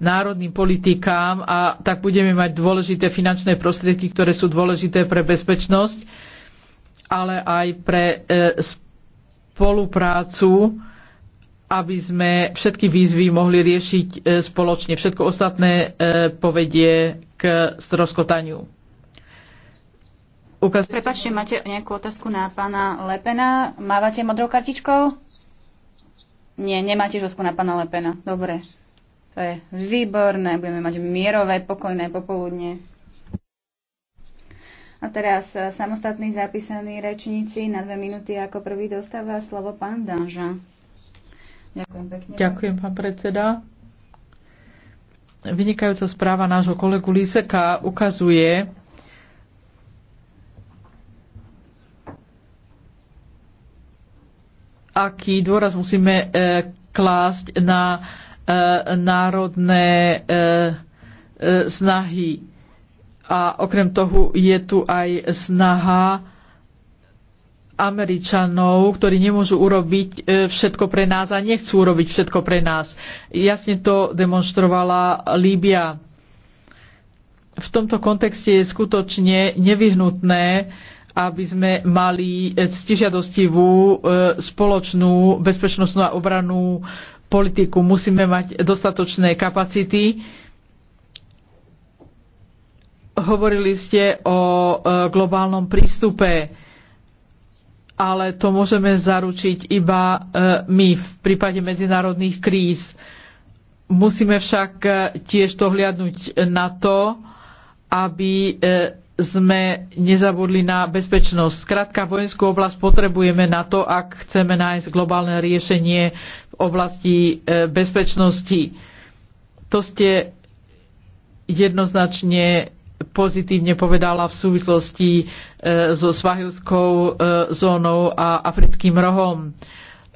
národným politikám a tak budeme mať dôležité finančné prostriedky, ktoré sú dôležité pre bezpečnosť, ale aj pre spoluprácu aby sme všetky výzvy mohli riešiť e, spoločne. Všetko ostatné e, povedie k stroskotaniu. Ukaz... Prepačte, máte nejakú otázku na pána Lepena? Mávate modrou kartičkou? Nie, nemáte žosku na pána Lepena. Dobre. To je výborné. Budeme mať mierové, pokojné popoludne. A teraz e, samostatní zapísaní rečníci na dve minúty ako prvý dostáva slovo pán Danža. Ďakujem pekne. Ďakujem, pán predseda. Vynikajúca správa nášho kolegu Liseka ukazuje, aký dôraz musíme e, klásť na e, národné e, snahy. A okrem toho je tu aj snaha Američanov, ktorí nemôžu urobiť e, všetko pre nás a nechcú urobiť všetko pre nás. Jasne to demonstrovala Líbia. V tomto kontexte je skutočne nevyhnutné, aby sme mali stižiadostivú e, spoločnú bezpečnostnú a obranú politiku. Musíme mať dostatočné kapacity. Hovorili ste o e, globálnom prístupe ale to môžeme zaručiť iba e, my v prípade medzinárodných kríz. Musíme však e, tiež hliadnúť na to, aby e, sme nezabudli na bezpečnosť. Skrátka, vojenskú oblasť potrebujeme na to, ak chceme nájsť globálne riešenie v oblasti bezpečnosti. To ste jednoznačne pozitívne povedala v súvislosti e, so svahilskou e, zónou a africkým rohom.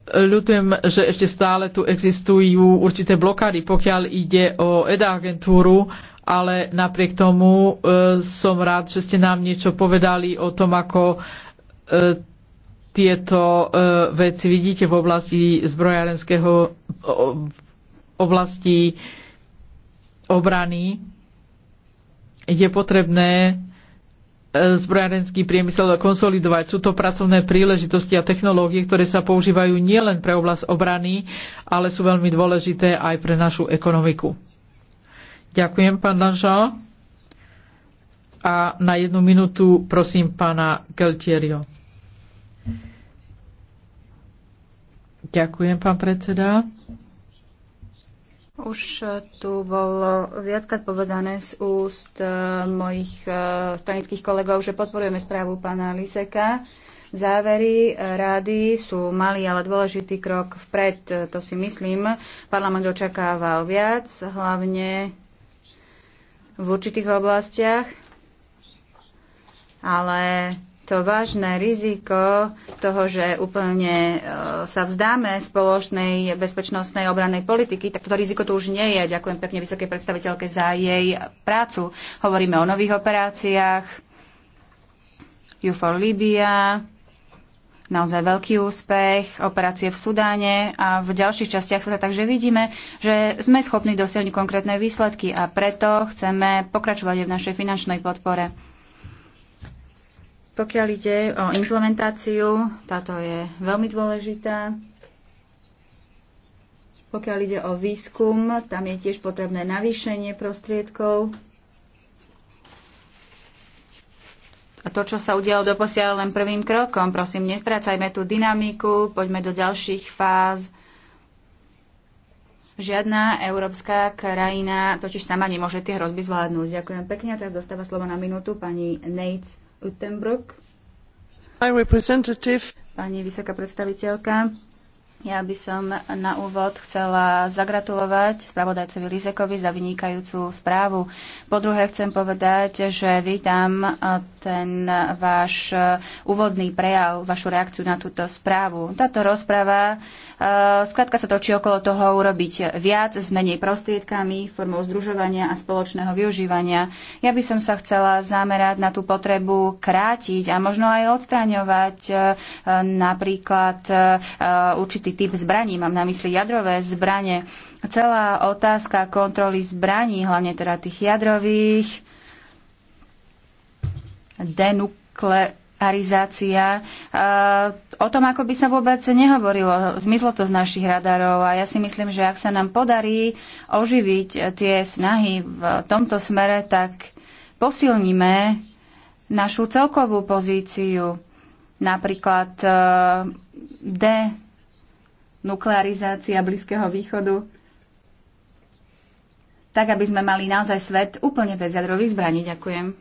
Ľutujem, že ešte stále tu existujú určité blokády, pokiaľ ide o EDA agentúru, ale napriek tomu e, som rád, že ste nám niečo povedali o tom, ako tieto veci vidíte v oblasti zbrojárenského oblasti obrany je potrebné e, zbrojárenský priemysel konsolidovať. Sú to pracovné príležitosti a technológie, ktoré sa používajú nielen pre oblasť obrany, ale sú veľmi dôležité aj pre našu ekonomiku. Ďakujem, pán Danža. A na jednu minútu prosím pána Geltierio. Ďakujem, pán predseda. Už eh, tu bolo viackrát povedané z úst eh, mojich eh, stranických kolegov, že podporujeme správu pána Liseka. Závery rády sú malý, ale dôležitý krok vpred, to si myslím. Parlament očakával viac, hlavne v určitých oblastiach, ale to vážne riziko toho, že úplne e, sa vzdáme spoločnej bezpečnostnej obrannej politiky, tak toto riziko tu už nie je. Ďakujem pekne vysokej predstaviteľke za jej prácu. Hovoríme o nových operáciách, UFO Libya, naozaj veľký úspech, operácie v Sudáne a v ďalších častiach sa Takže vidíme, že sme schopní dosiahnuť konkrétne výsledky a preto chceme pokračovať aj v našej finančnej podpore. Pokiaľ ide o implementáciu, táto je veľmi dôležitá. Pokiaľ ide o výskum, tam je tiež potrebné navýšenie prostriedkov. A to, čo sa udialo doposiaľ len prvým krokom, prosím, nestrácajme tú dynamiku, poďme do ďalších fáz. Žiadna európska krajina totiž sama nemôže tie hrozby zvládnuť. Ďakujem pekne a teraz dostáva slovo na minútu pani Nates. Utenbrook. Pani vysoká predstaviteľka, ja by som na úvod chcela zagratulovať spravodajcovi Lizekovi za vynikajúcu správu. Po druhé chcem povedať, že vítam e, ten váš e, úvodný prejav, vašu reakciu na túto správu. Táto rozprava Eh, Skladka sa točí okolo toho urobiť viac s menej prostriedkami, formou združovania a spoločného využívania. Ja by som sa chcela zamerať na tú potrebu krátiť a možno aj odstraňovať eh, napríklad eh, určitý typ zbraní. Mám na mysli jadrové zbranie. Celá otázka kontroly zbraní, hlavne teda tých jadrových, denukle arizácia. O tom, ako by sa vôbec nehovorilo, zmizlo to z našich radarov a ja si myslím, že ak sa nám podarí oživiť tie snahy v tomto smere, tak posilníme našu celkovú pozíciu. Napríklad e, D, nuklearizácia Blízkeho východu, tak aby sme mali naozaj svet úplne bez jadrových zbraní. Ďakujem.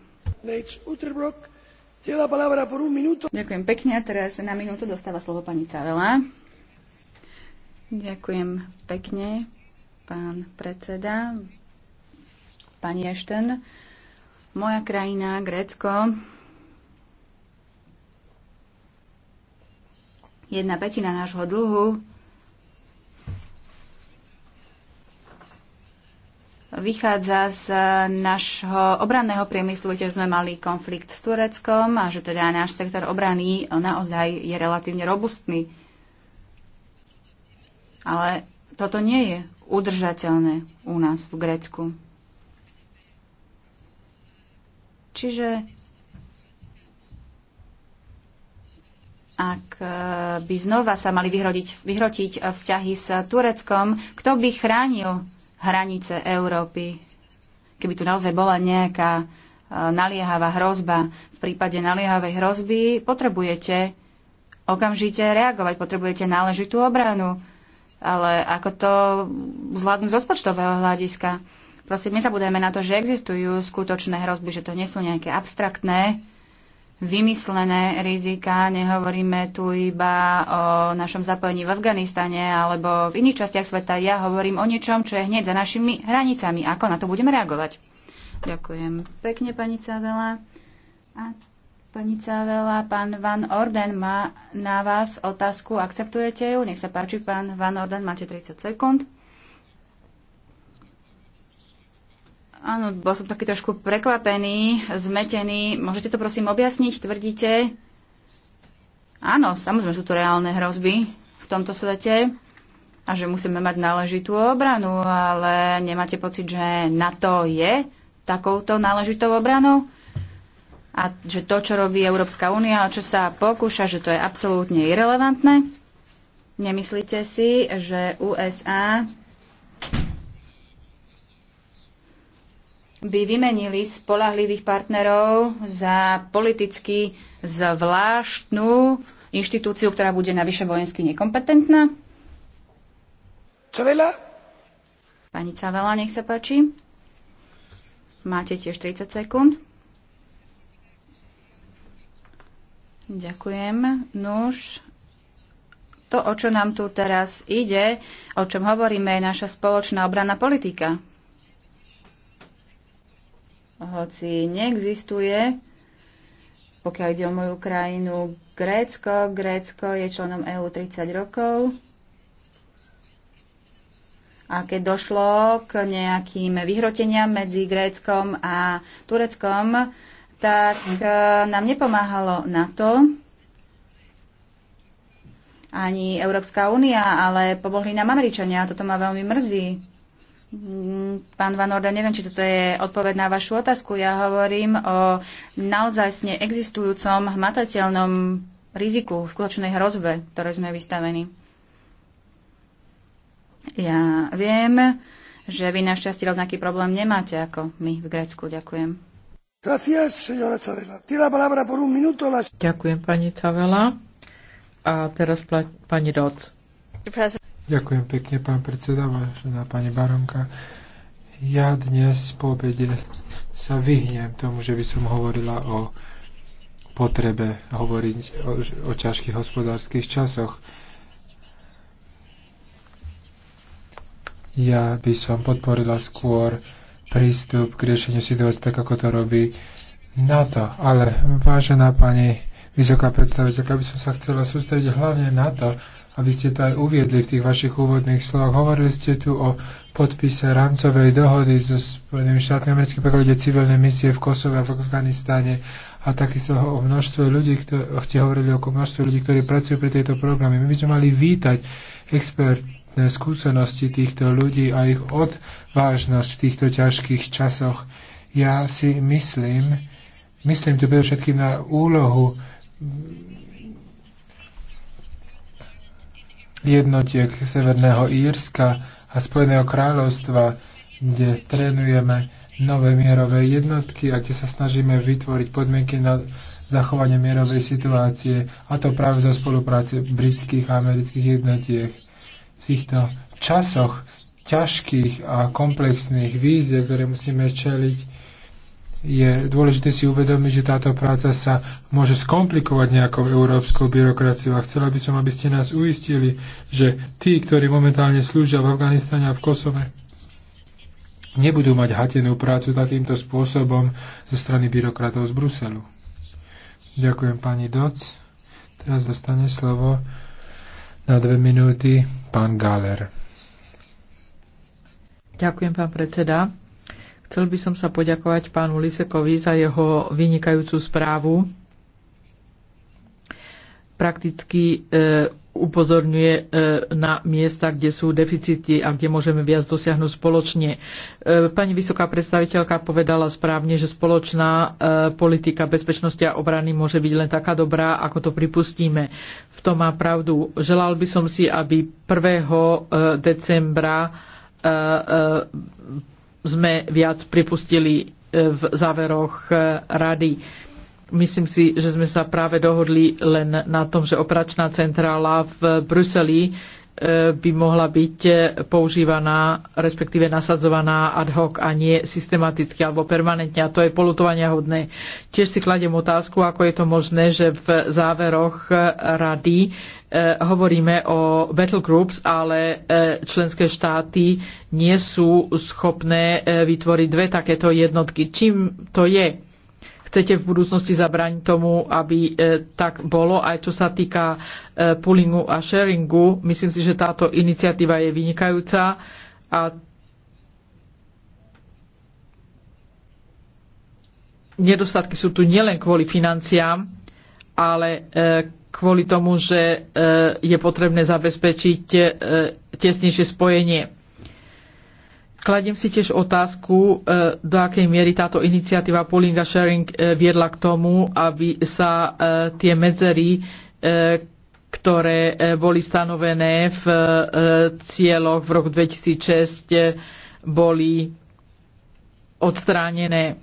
Ďakujem pekne a teraz na minútu dostáva slovo pani Cavela. Ďakujem pekne, pán predseda, pani Ešten. Moja krajina, Grécko, jedna petina nášho dlhu vychádza z našho obranného priemyslu, že sme mali konflikt s Tureckom a že teda náš sektor obrany naozaj je relatívne robustný. Ale toto nie je udržateľné u nás v Grécku. Čiže ak e, by znova sa mali vyhrotiť, vyhrotiť e, vzťahy s Tureckom, kto by chránil hranice Európy, keby tu naozaj bola nejaká e, naliehavá hrozba. V prípade naliehavej hrozby potrebujete okamžite reagovať, potrebujete náležitú obranu. Ale ako to zvládnuť z rozpočtového hľadiska? Prosím, nezabúdajme na to, že existujú skutočné hrozby, že to nie sú nejaké abstraktné vymyslené rizika. Nehovoríme tu iba o našom zapojení v Afganistane alebo v iných častiach sveta. Ja hovorím o niečom, čo je hneď za našimi hranicami. Ako na to budeme reagovať? Ďakujem pekne, pani Cavela. A pani Cavela, pán Van Orden má na vás otázku. Akceptujete ju? Nech sa páči, pán Van Orden, máte 30 sekúnd. Áno, bol som taký trošku prekvapený, zmetený. Môžete to prosím objasniť? Tvrdíte? Áno, samozrejme sú tu reálne hrozby v tomto svete a že musíme mať náležitú obranu, ale nemáte pocit, že na to je takouto náležitou obranou? A že to, čo robí Európska únia, čo sa pokúša, že to je absolútne irrelevantné? Nemyslíte si, že USA by vymenili spolahlivých partnerov za politicky zvláštnu inštitúciu, ktorá bude navyše vojensky nekompetentná? Cavela? Pani Cavela, nech sa páči. Máte tiež 30 sekúnd. Ďakujem. Nuž, to, o čo nám tu teraz ide, o čom hovoríme, je naša spoločná obranná politika hoci neexistuje, pokiaľ ide o moju krajinu Grécko. Grécko je členom EÚ 30 rokov. A keď došlo k nejakým vyhroteniam medzi Gréckom a Tureckom, tak e, nám nepomáhalo na to, ani Európska únia, ale pomohli nám Američania. Toto ma veľmi mrzí. Mm, pán Van neviem, či toto je odpoveď na vašu otázku. Ja hovorím o naozaj existujúcom hmatateľnom riziku, skutočnej hrozbe, ktoré sme vystavení. Ja viem, že vy našťastie rovnaký problém nemáte ako my v Grécku. Ďakujem. Ďakujem, pani Cavela. A teraz pani Doc. Ďakujem pekne, pán predseda, vážená pani Baronka. Ja dnes po obede sa vyhnem tomu, že by som hovorila o potrebe hovoriť o, o ťažkých hospodárskych časoch. Ja by som podporila skôr prístup k riešeniu situácie, tak ako to robí NATO. Ale vážená pani vysoká predstaviteľka, by som sa chcela sústrediť hlavne na to, a vy ste to aj uviedli v tých vašich úvodných slovách. Hovorili ste tu o podpise rámcovej dohody so Spojenými štátmi americkými, pokiaľ civilné misie v Kosove a v Afganistáne a takisto o množstve ľudí, kto, ste hovorili o množstve ľudí, ktorí pracujú pri tejto programe. My by sme mali vítať expertné skúsenosti týchto ľudí a ich odvážnosť v týchto ťažkých časoch. Ja si myslím, myslím tu predovšetkým na úlohu jednotiek Severného Írska a Spojeného kráľovstva, kde trénujeme nové mierové jednotky a kde sa snažíme vytvoriť podmienky na zachovanie mierovej situácie, a to práve za spolupráce britských a amerických jednotiek. V týchto časoch ťažkých a komplexných víziev, ktoré musíme čeliť, je dôležité si uvedomiť, že táto práca sa môže skomplikovať nejakou európskou byrokraciou. A chcela by som, aby ste nás uistili, že tí, ktorí momentálne slúžia v Afganistane a v Kosove, nebudú mať hatenú prácu takýmto spôsobom zo strany byrokratov z Bruselu. Ďakujem pani Doc. Teraz dostane slovo na dve minúty pán Galer. Ďakujem, pán predseda. Chcel by som sa poďakovať pánu Lisekovi za jeho vynikajúcu správu. Prakticky e, upozorňuje e, na miesta, kde sú deficity a kde môžeme viac dosiahnuť spoločne. E, pani vysoká predstaviteľka povedala správne, že spoločná e, politika bezpečnosti a obrany môže byť len taká dobrá, ako to pripustíme. V tom má pravdu. Želal by som si, aby 1. E, decembra e, e, sme viac pripustili e, v záveroch e, rady. Myslím si, že sme sa práve dohodli len na tom, že operačná centrála v Bruseli e, by mohla byť používaná, respektíve nasadzovaná ad hoc a nie systematicky alebo permanentne. A to je polutovania hodné. Tiež si kladem otázku, ako je to možné, že v záveroch rady E, hovoríme o battle groups, ale e, členské štáty nie sú schopné e, vytvoriť dve takéto jednotky. Čím to je? Chcete v budúcnosti zabrániť tomu, aby tak bolo? Aj čo sa týka poolingu a sharingu, myslím si, že táto iniciatíva je vynikajúca a nedostatky sú tu nielen kvôli financiám, ale kvôli tomu, že e, je potrebné zabezpečiť e, tesnejšie spojenie. Kladiem si tiež otázku, e, do akej miery táto iniciatíva Pooling a Sharing viedla k tomu, aby sa tie medzery, ktoré boli stanovené v cieľoch v roku 2006, boli odstránené.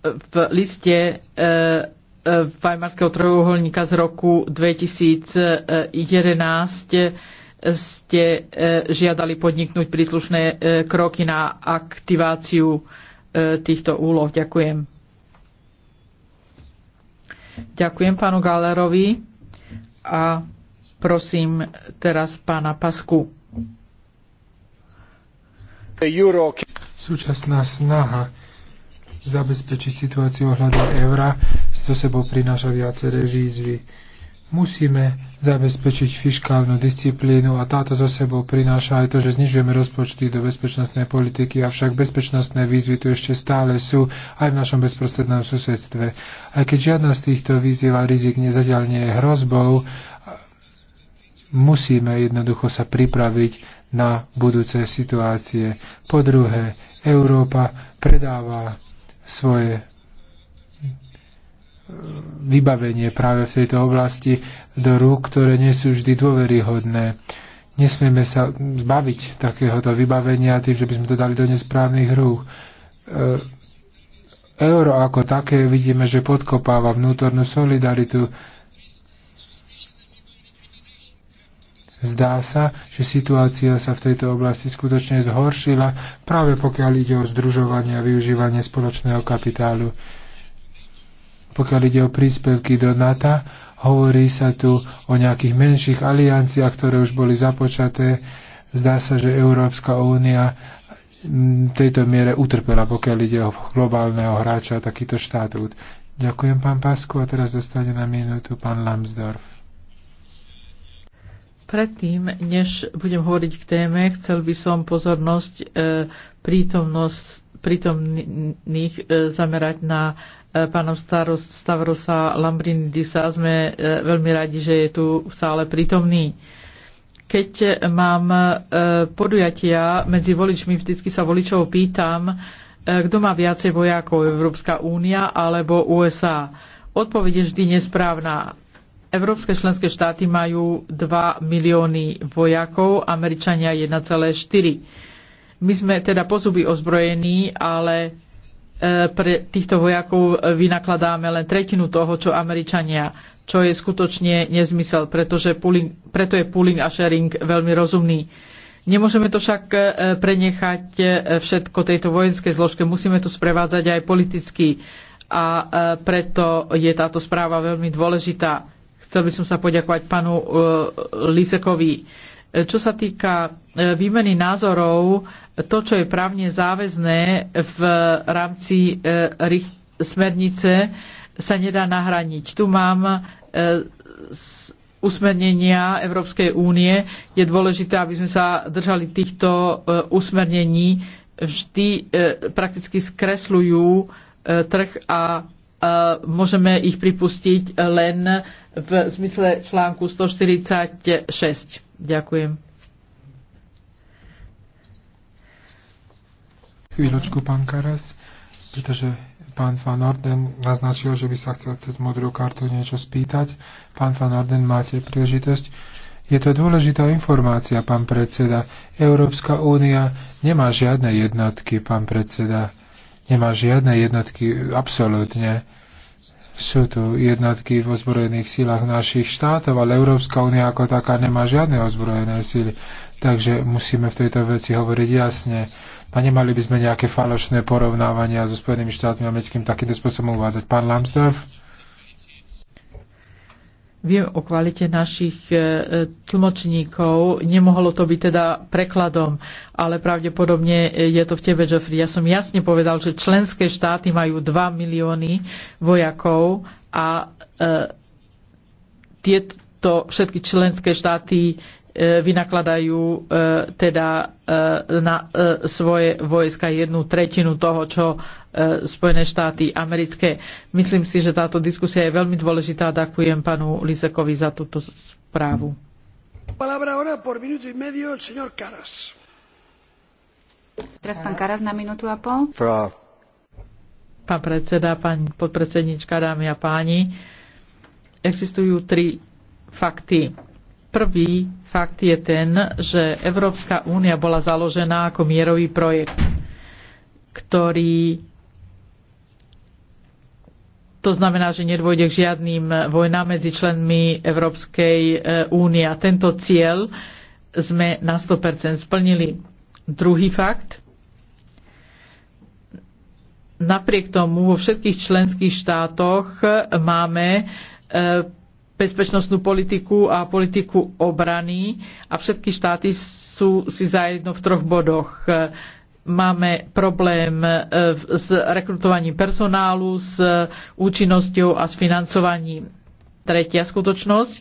V liste Weimarského trojuholníka z roku 2011 ste e, žiadali podniknúť príslušné e, kroky na aktiváciu e, týchto úloh. Ďakujem. Ďakujem pánu Galerovi a prosím teraz pána Pasku. Súčasná snaha zabezpečiť situáciu ohľadom eura, so sebou prináša viaceré výzvy. Musíme zabezpečiť fiskálnu disciplínu a táto so sebou prináša aj to, že znižujeme rozpočty do bezpečnostnej politiky, avšak bezpečnostné výzvy tu ešte stále sú aj v našom bezprostrednom susedstve. Aj keď žiadna z týchto výziev a rizik nezadiaľ nie je hrozbou, musíme jednoducho sa pripraviť na budúce situácie. Po druhé, Európa predáva svoje e, vybavenie práve v tejto oblasti do rúk, ktoré nie sú vždy dôveryhodné. Nesmieme sa zbaviť takéhoto vybavenia tým, že by sme to dali do nesprávnych rúk. E, euro ako také vidíme, že podkopáva vnútornú solidaritu Zdá sa, že situácia sa v tejto oblasti skutočne zhoršila, práve pokiaľ ide o združovanie a využívanie spoločného kapitálu. Pokiaľ ide o príspevky do NATO, hovorí sa tu o nejakých menších alianciách, ktoré už boli započaté. Zdá sa, že Európska únia v tejto miere utrpela, pokiaľ ide o globálneho hráča a takýto štátu. Ďakujem, pán Pasku, a teraz dostane na minútu pán Lambsdorff. Predtým, než budem hovoriť k téme, chcel by som pozornosť e, prítomnosť, prítomných e, zamerať na e, pánom Stavrosa Lambrinidisa. Sme veľmi radi, že je tu v sále prítomný. Keď mám podujatia medzi voličmi, vždycky sa voličov pýtam, kto má viacej vojakov, Európska únia alebo USA. Odpoveď je vždy nesprávna Európske členské štáty majú 2 milióny vojakov, Američania 1,4. My sme teda pozuby ozbrojení, ale e, pre týchto vojakov vynakladáme len tretinu toho, čo Američania, čo je skutočne nezmysel, pretože pooling, preto je pooling a sharing veľmi rozumný. Nemôžeme to však e, prenechať e, všetko tejto vojenskej zložke, musíme to sprevádzať aj politicky a preto je táto správa veľmi dôležitá Chcel by som sa poďakovať panu e, Lisekovi. E, čo sa týka e, výmeny názorov, to, čo je právne záväzné v rámci smernice, sa nedá nahraniť. Tu mám usmernenia Európskej únie. Je dôležité, aby sme sa držali týchto usmernení. Vždy prakticky skresľujú trh a môžeme ich pripustiť len v zmysle článku 146. Ďakujem. Chvíľočku, pán Karas, pretože pán Van Orden naznačil, že by sa chcel cez modrú kartu niečo spýtať. Pán Van Orden, máte príležitosť. Je to dôležitá informácia, pán predseda. Európska únia nemá žiadne jednotky, pán predseda nemá žiadne jednotky, absolútne. Sú tu jednotky v ozbrojených sílach našich štátov, ale Európska únia ako taká nemá žiadne ozbrojené síly, Takže musíme v tejto veci hovoriť jasne. A nemali by sme nejaké falošné porovnávania so Spojenými štátmi americkým takýmto spôsobom uvádzať. Pán Lambsdorff? Viem o kvalite našich e, e, tlmočníkov, nemohlo to byť teda prekladom, ale pravdepodobne e, je to v tebe, Joffrey. Ja som jasne povedal, že členské štáty majú 2 milióny vojakov a e, tieto všetky členské štáty E, vynakladajú e, teda e, na svoje vojska jednu tretinu toho, čo Spojené štáty americké. Myslím si, že táto diskusia je veľmi dôležitá. Ďakujem panu Lisekovi za túto správu. Teraz pán Karas na minútu a pol. Pán predseda, pani podpredsednička, dámy a páni, existujú tri fakty Prvý fakt je ten, že Európska únia bola založená ako mierový projekt, ktorý to znamená, že nedôjde k žiadnym vojnám medzi členmi Európskej eh, únie. A tento cieľ sme na 100% splnili. Druhý fakt. Napriek tomu vo všetkých členských štátoch eh, máme eh, bezpečnostnú politiku a politiku obrany a všetky štáty sú si zajedno v troch bodoch. Máme problém e, s rekrutovaním personálu, s účinnosťou a s financovaním. Tretia skutočnosť.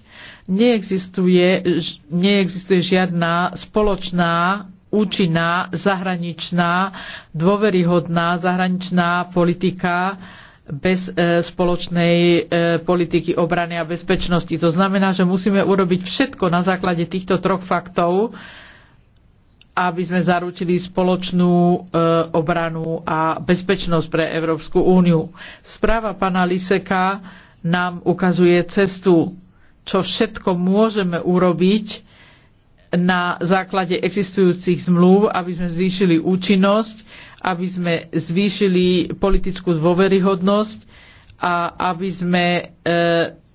Neexistuje, neexistuje žiadna spoločná účinná zahraničná, dôveryhodná zahraničná politika bez e, spoločnej e, politiky obrany a bezpečnosti. To znamená, že musíme urobiť všetko na základe týchto troch faktov, aby sme zaručili spoločnú e, obranu a bezpečnosť pre Európsku úniu. Správa pána Liseka nám ukazuje cestu, čo všetko môžeme urobiť na základe existujúcich zmluv, aby sme zvýšili účinnosť aby sme zvýšili politickú dôveryhodnosť a aby sme e,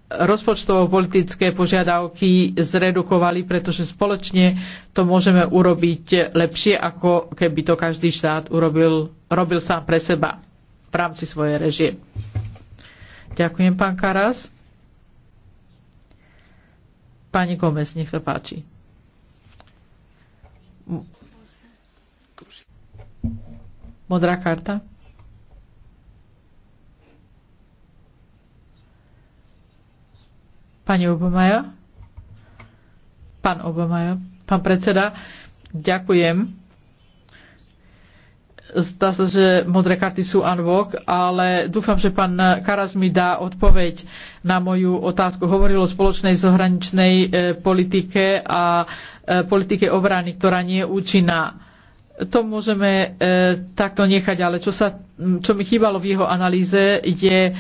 rozpočtovo-politické požiadavky zredukovali, pretože spoločne to môžeme urobiť lepšie, ako keby to každý štát urobil robil sám pre seba v rámci svojej režie. Ďakujem, pán Karas. Pani Gomez, nech sa páči. Modrá karta. Pani Obamaja? Pán Obamaja, pán predseda, ďakujem. Zdá sa, že modré karty sú unvok, ale dúfam, že pán Karas mi dá odpoveď na moju otázku. Hovoril o spoločnej zahraničnej e, politike a e, politike obrany, ktorá nie je účinná to môžeme e, takto nechať, ale čo, sa, čo mi chýbalo v jeho analýze je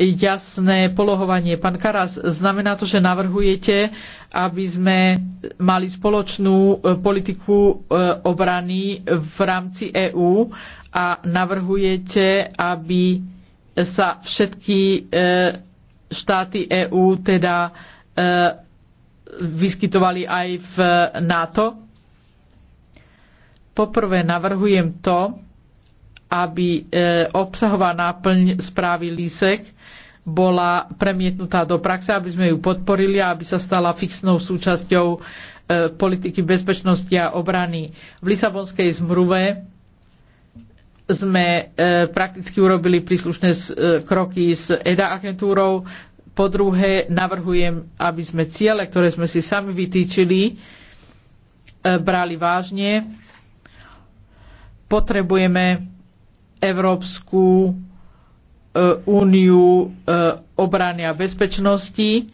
jasné polohovanie. Pán Karas, znamená to, že navrhujete, aby sme mali spoločnú e, politiku e, obrany v rámci EÚ a navrhujete, aby sa všetky e, štáty EÚ teda vyskytovali aj v NATO? Poprvé navrhujem to, aby e, obsahová náplň správy Lísek bola premietnutá do praxe, aby sme ju podporili a aby sa stala fixnou súčasťou e, politiky bezpečnosti a obrany. V Lisabonskej zmruve sme e, prakticky urobili príslušné kroky s EDA agentúrou. Po druhé, navrhujem, aby sme ciele, ktoré sme si sami vytýčili, brali vážne Potrebujeme Európsku e, úniu e, obrany a bezpečnosti.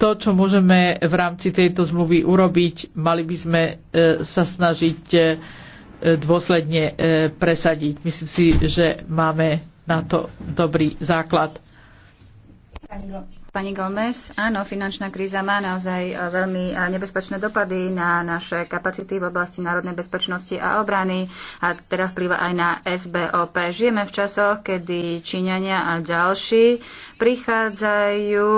To, čo môžeme v rámci tejto zmluvy urobiť, mali by sme e, sa snažiť dôsledne presadiť. Myslím si, že máme na to dobrý základ. Pani Gomez, áno, finančná kríza má naozaj e, veľmi e, nebezpečné dopady na naše kapacity v oblasti národnej bezpečnosti a obrany a teda vplýva aj na SBOP. Žijeme v časoch, kedy Číňania a ďalší prichádzajú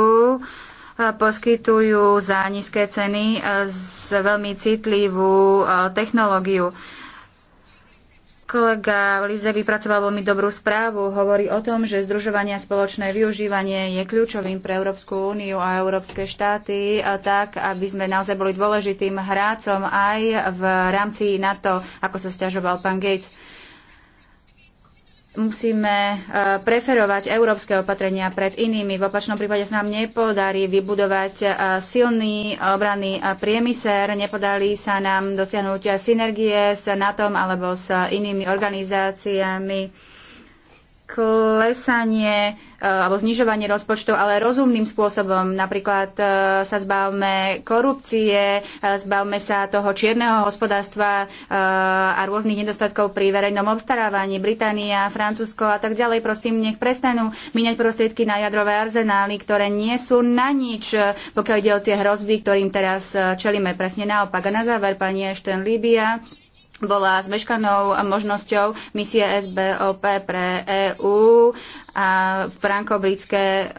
poskytujú za nízke ceny z e, veľmi citlivú technológiu. Kolega Lize vypracoval veľmi dobrú správu. Hovorí o tom, že združovanie a spoločné využívanie je kľúčovým pre Európsku úniu a európske štáty, tak aby sme naozaj boli dôležitým hrácom aj v rámci NATO, ako sa stiažoval pán Gates musíme e, preferovať európske opatrenia pred inými. V opačnom prípade sa nám nepodarí vybudovať e, silný obranný priemysel, nepodarí sa nám dosiahnuť e, synergie s NATO alebo s inými organizáciami klesanie e, alebo znižovanie rozpočtov, ale rozumným spôsobom. Napríklad e, sa zbavme korupcie, e, zbavme sa toho čierneho hospodárstva a rôznych nedostatkov pri verejnom obstarávaní. Británia, Francúzsko a tak ďalej. Prosím, nech prestanú míňať prostriedky na jadrové arzenály, ktoré nie sú na nič, pokiaľ ide o tie hrozby, ktorým teraz čelíme. Presne naopak. A na záver, pani Ešten, Líbia bola zmeškanou možnosťou misie SBOP pre EÚ a franko-britské e,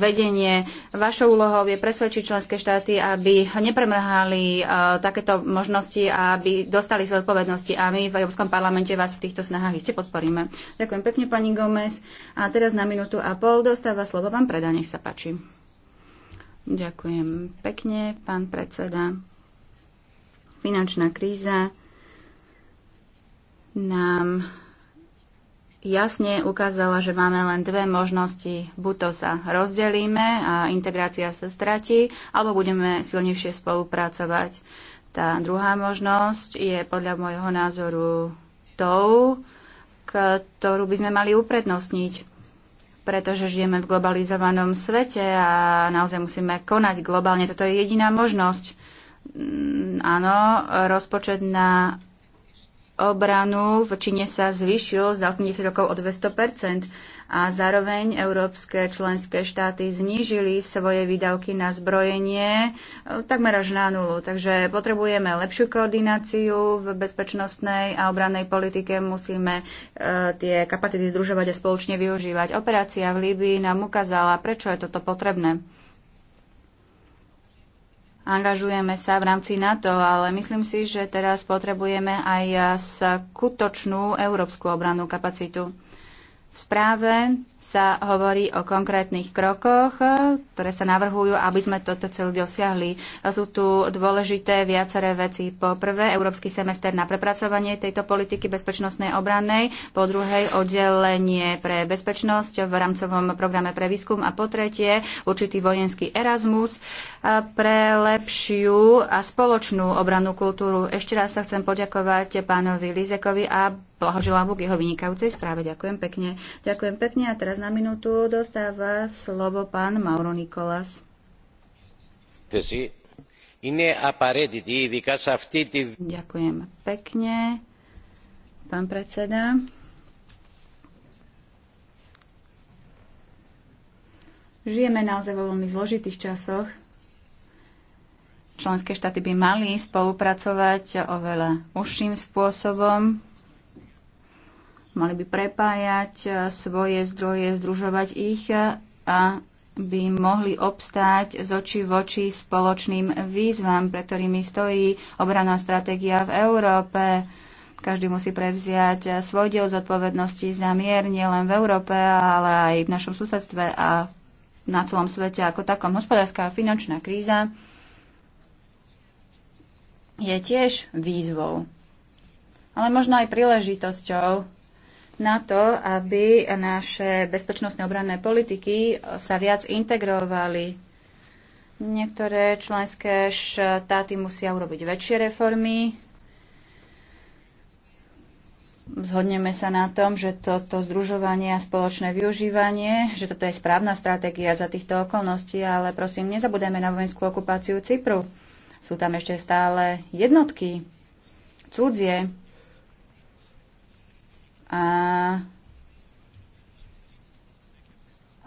vedenie. Vašou úlohou je presvedčiť členské štáty, aby nepremrhali e, takéto možnosti a aby dostali zodpovednosti. A my v Európskom parlamente vás v týchto snahách iste podporíme. Ďakujem pekne, pani Gomez. A teraz na minútu a pol dostáva slovo vám preda. Nech sa páči. Ďakujem pekne, pán predseda. Finančná kríza nám jasne ukázala, že máme len dve možnosti. Buď to sa rozdelíme a integrácia sa stratí, alebo budeme silnejšie spolupracovať. Tá druhá možnosť je podľa môjho názoru tou, ktorú by sme mali uprednostniť pretože žijeme v globalizovanom svete a naozaj musíme konať globálne. Toto je jediná možnosť. Mm, áno, rozpočet na obranu v Číne sa zvýšil za 80 rokov o 200 a zároveň európske členské štáty znížili svoje výdavky na zbrojenie e, takmer až na nulu. Takže potrebujeme lepšiu koordináciu v bezpečnostnej a obrannej politike. Musíme e, tie kapacity združovať a spoločne využívať. Operácia v Líbii nám ukázala, prečo je toto potrebné angažujeme sa v rámci NATO, ale myslím si, že teraz potrebujeme aj skutočnú európsku obrannú kapacitu. V správe sa hovorí o konkrétnych krokoch, ktoré sa navrhujú, aby sme toto celé dosiahli. Sú tu dôležité viaceré veci. Po prvé, európsky semester na prepracovanie tejto politiky bezpečnostnej obrannej, po druhej, oddelenie pre bezpečnosť v rámcovom programe pre výskum a po tretie, určitý vojenský Erasmus pre lepšiu a spoločnú obrannú kultúru. Ešte raz sa chcem poďakovať pánovi Lizekovi a blahoželám k jeho vynikajúcej správe. Ďakujem pekne. Ďakujem pekne a teraz teraz na minútu dostáva slovo pán Mauro Nikolas. Ďakujem pekne, pán predseda. Žijeme naozaj vo veľmi zložitých časoch. Členské štáty by mali spolupracovať oveľa užším spôsobom, mali by prepájať e, svoje zdroje, združovať ich e, a by mohli obstáť z očí v oči spoločným výzvam, pre ktorými stojí obraná stratégia v Európe. Každý musí prevziať e, svoj diel zodpovednosti za mier nielen v Európe, ale aj v našom susedstve a na celom svete ako takom. Hospodárska a finančná kríza je tiež výzvou, ale možno aj príležitosťou na to, aby naše bezpečnostné obranné politiky sa viac integrovali. Niektoré členské štáty musia urobiť väčšie reformy. Zhodneme sa na tom, že toto združovanie a spoločné využívanie, že toto je správna stratégia za týchto okolností, ale prosím, nezabudeme na vojenskú okupáciu Cypru. Sú tam ešte stále jednotky, cudzie, a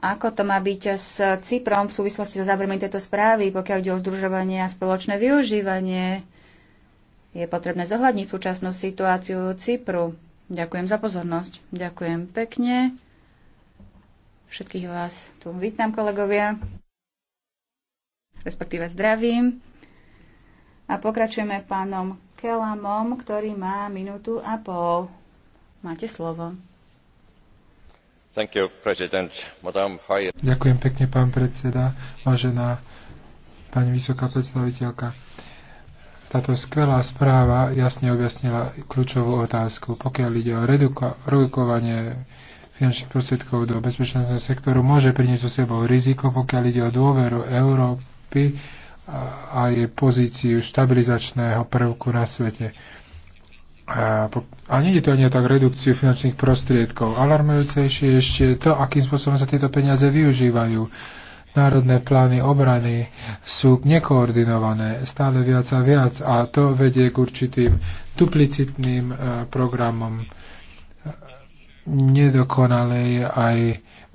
ako to má byť s Cyprom v súvislosti so závermi tejto správy, pokiaľ ide o združovanie a spoločné využívanie? Je potrebné zohľadniť súčasnú situáciu Cypru. Ďakujem za pozornosť. Ďakujem pekne. Všetkých vás tu vítam, kolegovia. Respektíve zdravím. A pokračujeme pánom Kelamom, ktorý má minútu a pol. Máte slovo. You, Ďakujem pekne, pán predseda, vážená pani vysoká predstaviteľka. Táto skvelá správa jasne objasnila kľúčovú otázku. Pokiaľ ide o redukovanie finančných prostriedkov do bezpečnostného sektoru, môže priniesť so sebou riziko, pokiaľ ide o dôveru Európy a jej pozíciu stabilizačného prvku na svete. A, nie je to ani tak redukciu finančných prostriedkov. Alarmujúcejšie ešte to, akým spôsobom sa tieto peniaze využívajú. Národné plány obrany sú nekoordinované stále viac a viac a to vedie k určitým duplicitným e, programom. E, nedokonalej aj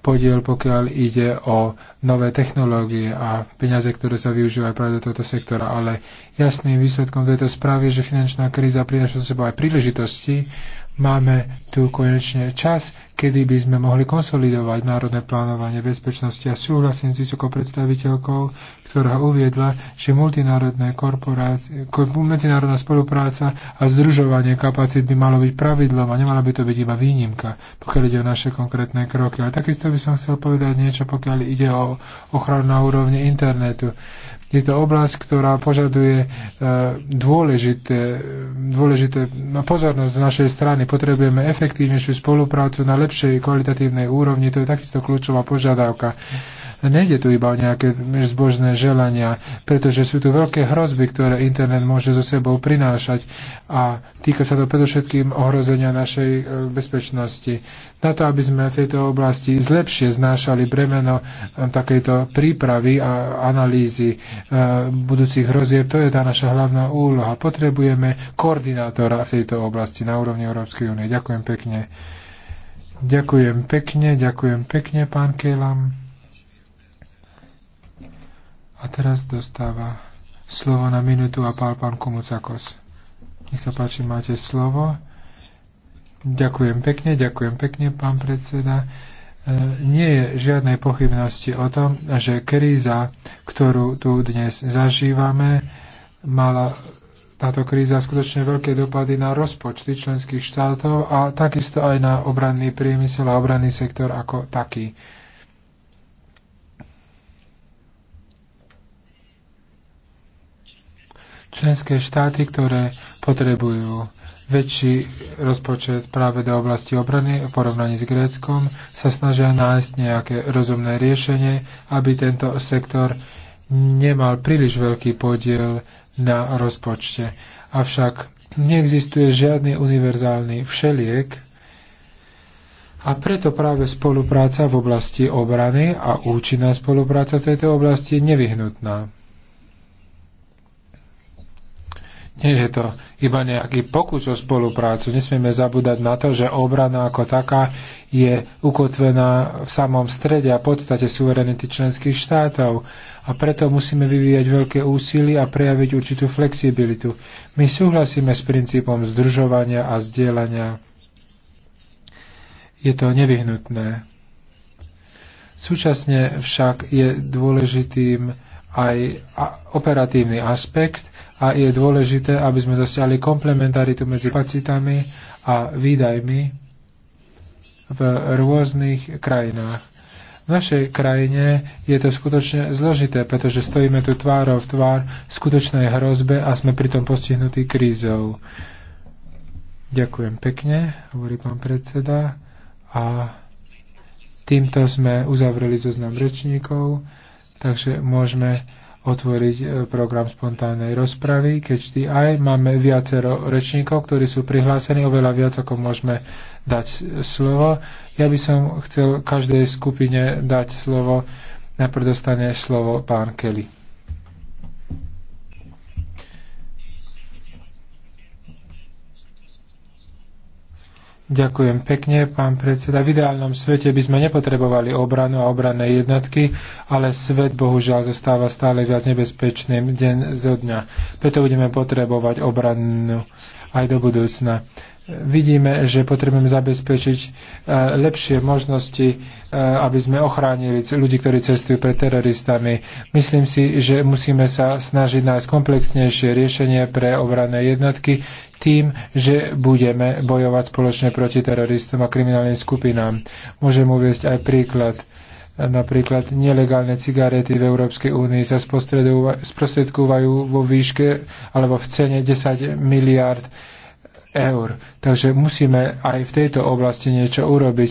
podiel, pokiaľ ide o nové technológie a peniaze, ktoré sa využívajú práve do tohto sektora. Ale jasným výsledkom tejto správy je, že finančná kríza prináša so sebou aj príležitosti. Máme tu konečne čas kedy by sme mohli konsolidovať národné plánovanie bezpečnosti. A súhlasím s vysokou predstaviteľkou, ktorá uviedla, že multinárodné korporácie, medzinárodná spolupráca a združovanie kapacít by malo byť pravidlom a nemala by to byť iba výnimka, pokiaľ ide o naše konkrétne kroky. Ale takisto by som chcel povedať niečo, pokiaľ ide o ochranu na úrovni internetu. Je to oblasť, ktorá požaduje e, dôležité, dôležité no, pozornosť z našej strany. Potrebujeme efektívnejšiu spoluprácu na lepšej kvalitatívnej úrovni, to je takisto kľúčová požiadavka. Nejde tu iba o nejaké zbožné želania, pretože sú tu veľké hrozby, ktoré internet môže zo sebou prinášať a týka sa to predovšetkým ohrozenia našej e, bezpečnosti. Na to, aby sme v tejto oblasti zlepšie znášali bremeno e, takejto prípravy a analýzy e, budúcich hrozieb, to je tá naša hlavná úloha. Potrebujeme koordinátora v tejto oblasti na úrovni Európskej únie. Ďakujem pekne. Ďakujem pekne, ďakujem pekne, pán Kelam. A teraz dostáva slovo na minútu a pál pán Komucakos. Nech sa páči, máte slovo. Ďakujem pekne, ďakujem pekne, pán predseda. E, nie je žiadnej pochybnosti o tom, že kríza, ktorú tu dnes zažívame, mala táto kríza skutočne veľké dopady na rozpočty členských štátov a takisto aj na obranný priemysel a obranný sektor ako taký. Členské štáty, ktoré potrebujú väčší rozpočet práve do oblasti obrany v porovnaní s Gréckom, sa snažia nájsť nejaké rozumné riešenie, aby tento sektor nemal príliš veľký podiel na rozpočte. Avšak neexistuje žiadny univerzálny všeliek a preto práve spolupráca v oblasti obrany a účinná spolupráca v tejto oblasti je nevyhnutná. Nie je to iba nejaký pokus o spoluprácu. Nesmieme zabúdať na to, že obrana ako taká je ukotvená v samom strede a podstate suverenity členských štátov a preto musíme vyvíjať veľké úsilie a prejaviť určitú flexibilitu. My súhlasíme s princípom združovania a zdieľania. Je to nevyhnutné. Súčasne však je dôležitým aj operatívny aspekt a je dôležité, aby sme dosiahli komplementaritu medzi kapacitami a výdajmi v rôznych krajinách. V našej krajine je to skutočne zložité, pretože stojíme tu tvárov v tvár skutočnej hrozbe a sme pritom postihnutí krízou. Ďakujem pekne, hovorí pán predseda. A týmto sme uzavreli zoznam rečníkov, takže môžeme otvoriť e, program spontánnej rozpravy. Keď aj máme viacero rečníkov, ktorí sú prihlásení, oveľa viac ako môžeme dať slovo. Ja by som chcel každej skupine dať slovo. Najprv dostane slovo pán Kelly. Ďakujem pekne, pán predseda. V ideálnom svete by sme nepotrebovali obranu a obranné jednotky, ale svet bohužiaľ zostáva stále viac nebezpečným deň zo dňa. Preto budeme potrebovať obranu aj do budúcna. Vidíme, že potrebujeme zabezpečiť e, lepšie možnosti, e, aby sme ochránili ľudí, ktorí cestujú pred teroristami. Myslím si, že musíme sa snažiť nájsť komplexnejšie riešenie pre obranné jednotky, tým, že budeme bojovať spoločne proti teroristom a kriminálnym skupinám. Môžem uviezť aj príklad. Napríklad nelegálne cigarety v Európskej únii sa sprostredkúvajú vo výške alebo v cene 10 miliard eur. Takže musíme aj v tejto oblasti niečo urobiť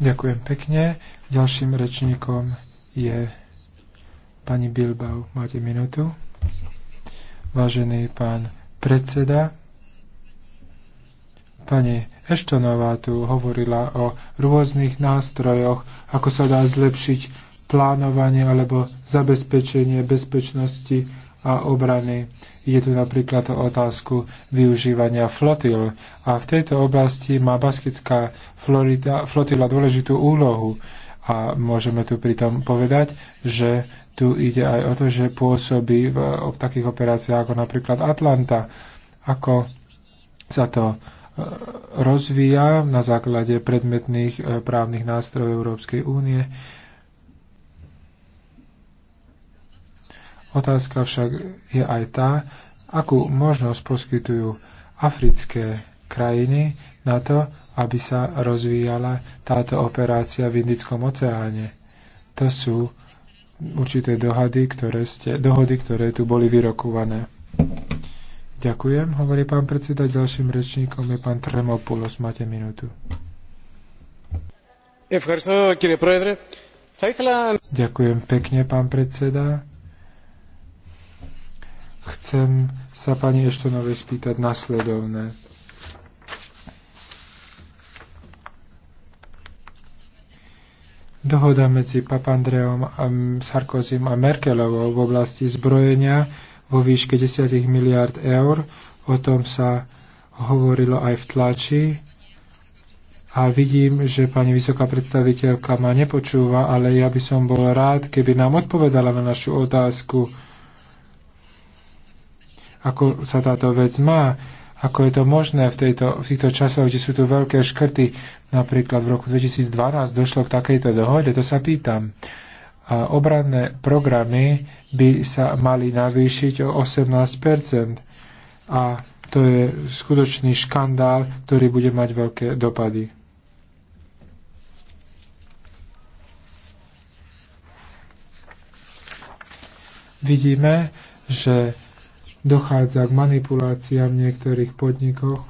Ďakujem pekne. Ďalším rečníkom je pani Bilbao. Máte minútu. Vážený pán predseda, pani Eštonová tu hovorila o rôznych nástrojoch, ako sa dá zlepšiť plánovanie alebo zabezpečenie bezpečnosti a obrany. Ide tu napríklad o otázku využívania flotil. A v tejto oblasti má baskická florida, flotila dôležitú úlohu. A môžeme tu pritom povedať, že tu ide aj o to, že pôsobí v takých operáciách ako napríklad Atlanta. Ako sa to e, rozvíja na základe predmetných e, právnych nástrojov Európskej únie Otázka však je aj tá, akú možnosť poskytujú africké krajiny na to, aby sa rozvíjala táto operácia v Indickom oceáne. To sú určité dohady, ktoré ste, dohody, ktoré tu boli vyrokované. Ďakujem, hovorí pán predseda. Ďalším rečníkom je pán Tremopoulos. Máte minútu. Ďakujem pekne, pán predseda. Chcem sa pani Eštonovej spýtať nasledovné. Dohoda medzi Papandreom a Sarkozym a Merkelovou v oblasti zbrojenia vo výške 10 miliard eur, o tom sa hovorilo aj v tlači a vidím, že pani vysoká predstaviteľka ma nepočúva, ale ja by som bol rád, keby nám odpovedala na našu otázku ako sa táto vec má, ako je to možné v, tejto, v týchto časoch, kde sú tu veľké škrty. Napríklad v roku 2012 došlo k takejto dohode, to sa pýtam. A obranné programy by sa mali navýšiť o 18 A to je skutočný škandál, ktorý bude mať veľké dopady. Vidíme, že dochádza k manipuláciám v niektorých podnikoch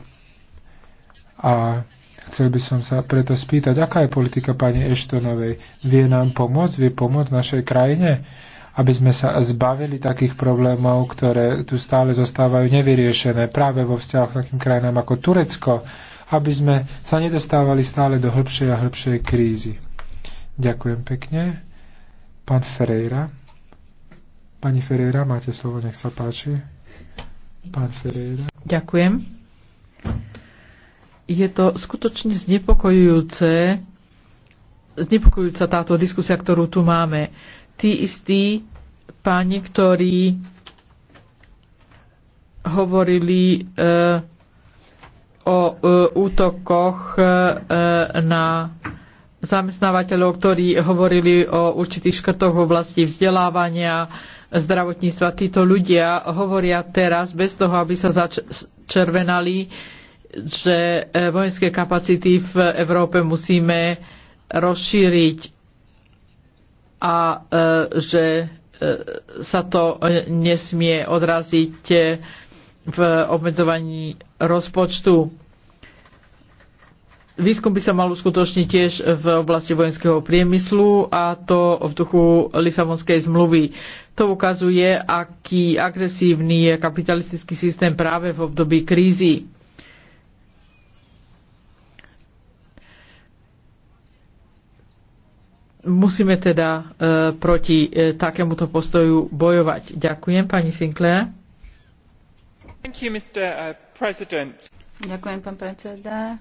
a chcel by som sa preto spýtať, aká je politika pani Eštonovej? Vie nám pomôcť? Vie pomôcť našej krajine? Aby sme sa zbavili takých problémov, ktoré tu stále zostávajú nevyriešené práve vo vzťahoch k takým krajinám ako Turecko, aby sme sa nedostávali stále do hĺbšej a hĺbšej krízy. Ďakujem pekne. Pán Ferreira. Pani Ferreira, máte slovo, nech sa páči. Pán Ferreira. Ďakujem. Je to skutočne znepokojujúce, znepokojujúca táto diskusia, ktorú tu máme. Tí istí páni, ktorí hovorili e, o e, útokoch e, na zamestnávateľov, ktorí hovorili o určitých škrtoch v oblasti vzdelávania, zdravotníctva. Títo ľudia hovoria teraz, bez toho, aby sa začervenali, že e, vojenské kapacity v Európe musíme rozšíriť a e, že e, sa to nesmie odraziť v obmedzovaní rozpočtu. Výskum by sa mal uskutočniť tiež v oblasti vojenského priemyslu a to v duchu Lisabonskej zmluvy. To ukazuje, aký agresívny je kapitalistický systém práve v období krízy. Musíme teda e, proti e, takémuto postoju bojovať. Ďakujem, pani Sinclair. Thank you, Mr. Uh, president. Ďakujem, pán predseda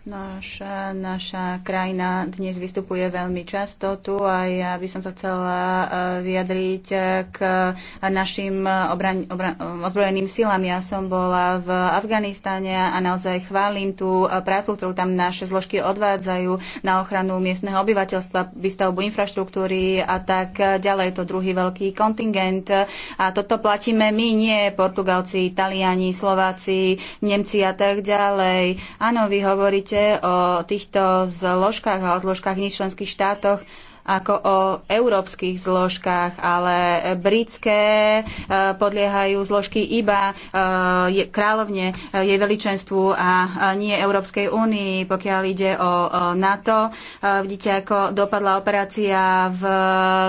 Naša, naša krajina dnes vystupuje veľmi často tu a ja by som sa chcela eh, vyjadriť eh, k našim obran, obran, ozbrojeným silám. Ja som bola v Afganistane a naozaj chválim tú eh, prácu, ktorú tam naše zložky odvádzajú na ochranu miestneho obyvateľstva, výstavbu infraštruktúry a tak ďalej. Je to druhý veľký kontingent a toto platíme my, nie Portugalci, Taliani, Slováci, Nemci a tak ďalej. Áno, vy hovoríte hovoríte o týchto zložkách a o zložkách v členských štátoch, ako o európskych zložkách, ale britské e, podliehajú zložky iba e, kráľovne, e, jej veličenstvu a nie Európskej únii. Pokiaľ ide o NATO, vidíte, ako dopadla operácia v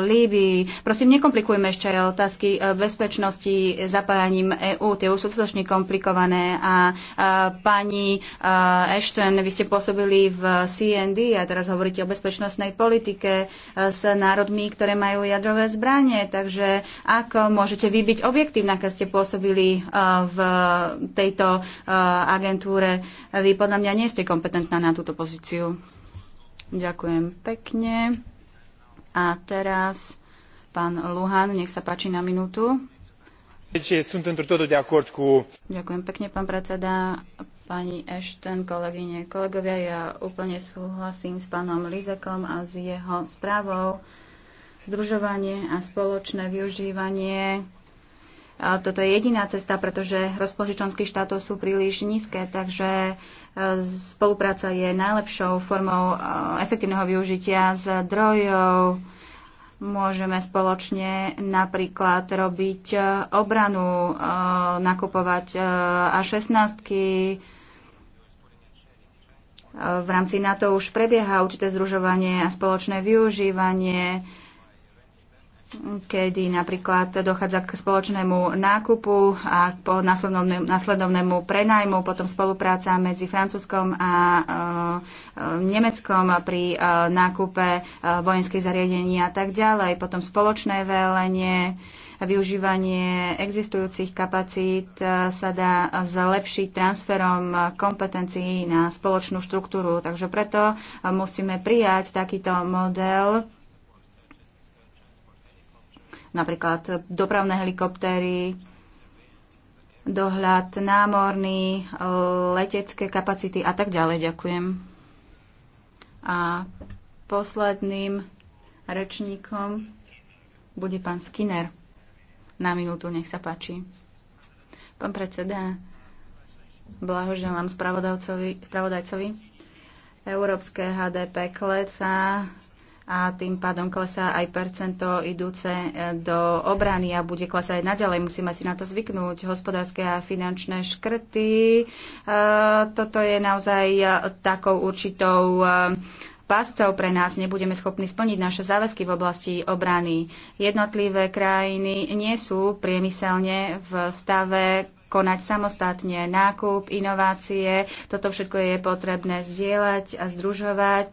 Líbii. Prosím, nekomplikujme ešte aj otázky bezpečnosti zapájaním EÚ. Tie už sú dostatočne komplikované a pani Ashton, vy ste pôsobili v CND a teraz hovoríte o bezpečnostnej politike s národmi, ktoré majú jadrové zbranie. Takže ako môžete vy byť objektívna, keď ste pôsobili e, v tejto e, agentúre? Vy podľa mňa nie ste kompetentná na túto pozíciu. Ďakujem pekne. A teraz pán Luhan, nech sa páči na minútu. Ďakujem pekne, pán predseda pani Ešten, kolegyne, kolegovia. Ja úplne súhlasím s pánom Lizekom a s jeho správou. Združovanie a spoločné využívanie toto je jediná cesta, pretože rozpočty členských štátov sú príliš nízke, takže e, spolupráca je najlepšou formou e, efektívneho využitia zdrojov. Môžeme spoločne napríklad robiť e, obranu, nakupovať A16, v rámci NATO už prebieha určité združovanie a spoločné využívanie kedy napríklad dochádza k spoločnému nákupu a po následovnému, následovnému prenajmu, potom spolupráca medzi Francúzskom a e, e, Nemeckom pri e, nákupe e, vojenských zariadení a tak ďalej, potom spoločné velenie, využívanie existujúcich kapacít e, sa dá zlepšiť transferom kompetencií na spoločnú štruktúru. Takže preto musíme prijať takýto model napríklad dopravné helikoptéry, dohľad námorný, letecké kapacity a tak ďalej. Ďakujem. A posledným rečníkom bude pán Skinner. Na minútu, nech sa páči. Pán predseda, blahoželám spravodajcovi. Európske HDP klesá a tým pádom klesá aj percento idúce e, do obrany a bude klesať aj naďalej. Musíme si na to zvyknúť. Hospodárske a finančné škrty. E, toto je naozaj e, takou určitou páscov pre nás nebudeme schopní splniť naše záväzky v oblasti obrany. Jednotlivé krajiny nie sú priemyselne v stave konať samostatne. Nákup, inovácie, toto všetko je potrebné zdieľať a združovať.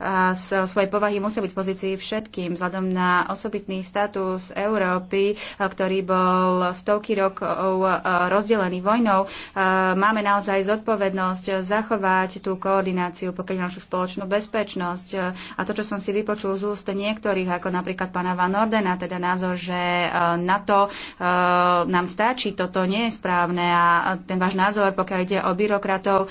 A z svojej povahy musia byť v pozícii všetkým. Vzhľadom na osobitný status Európy, ktorý bol stovky rokov rozdelený vojnou, máme naozaj zodpovednosť zachovať tú koordináciu, pokiaľ našu spoločnú bezpečnosť. A to, čo som si vypočul z úst niektorých, ako napríklad pána Van Ordena, teda názor, že na to nám stačí, toto nie je správne a ten váš názor, pokiaľ ide o byrokratov, e,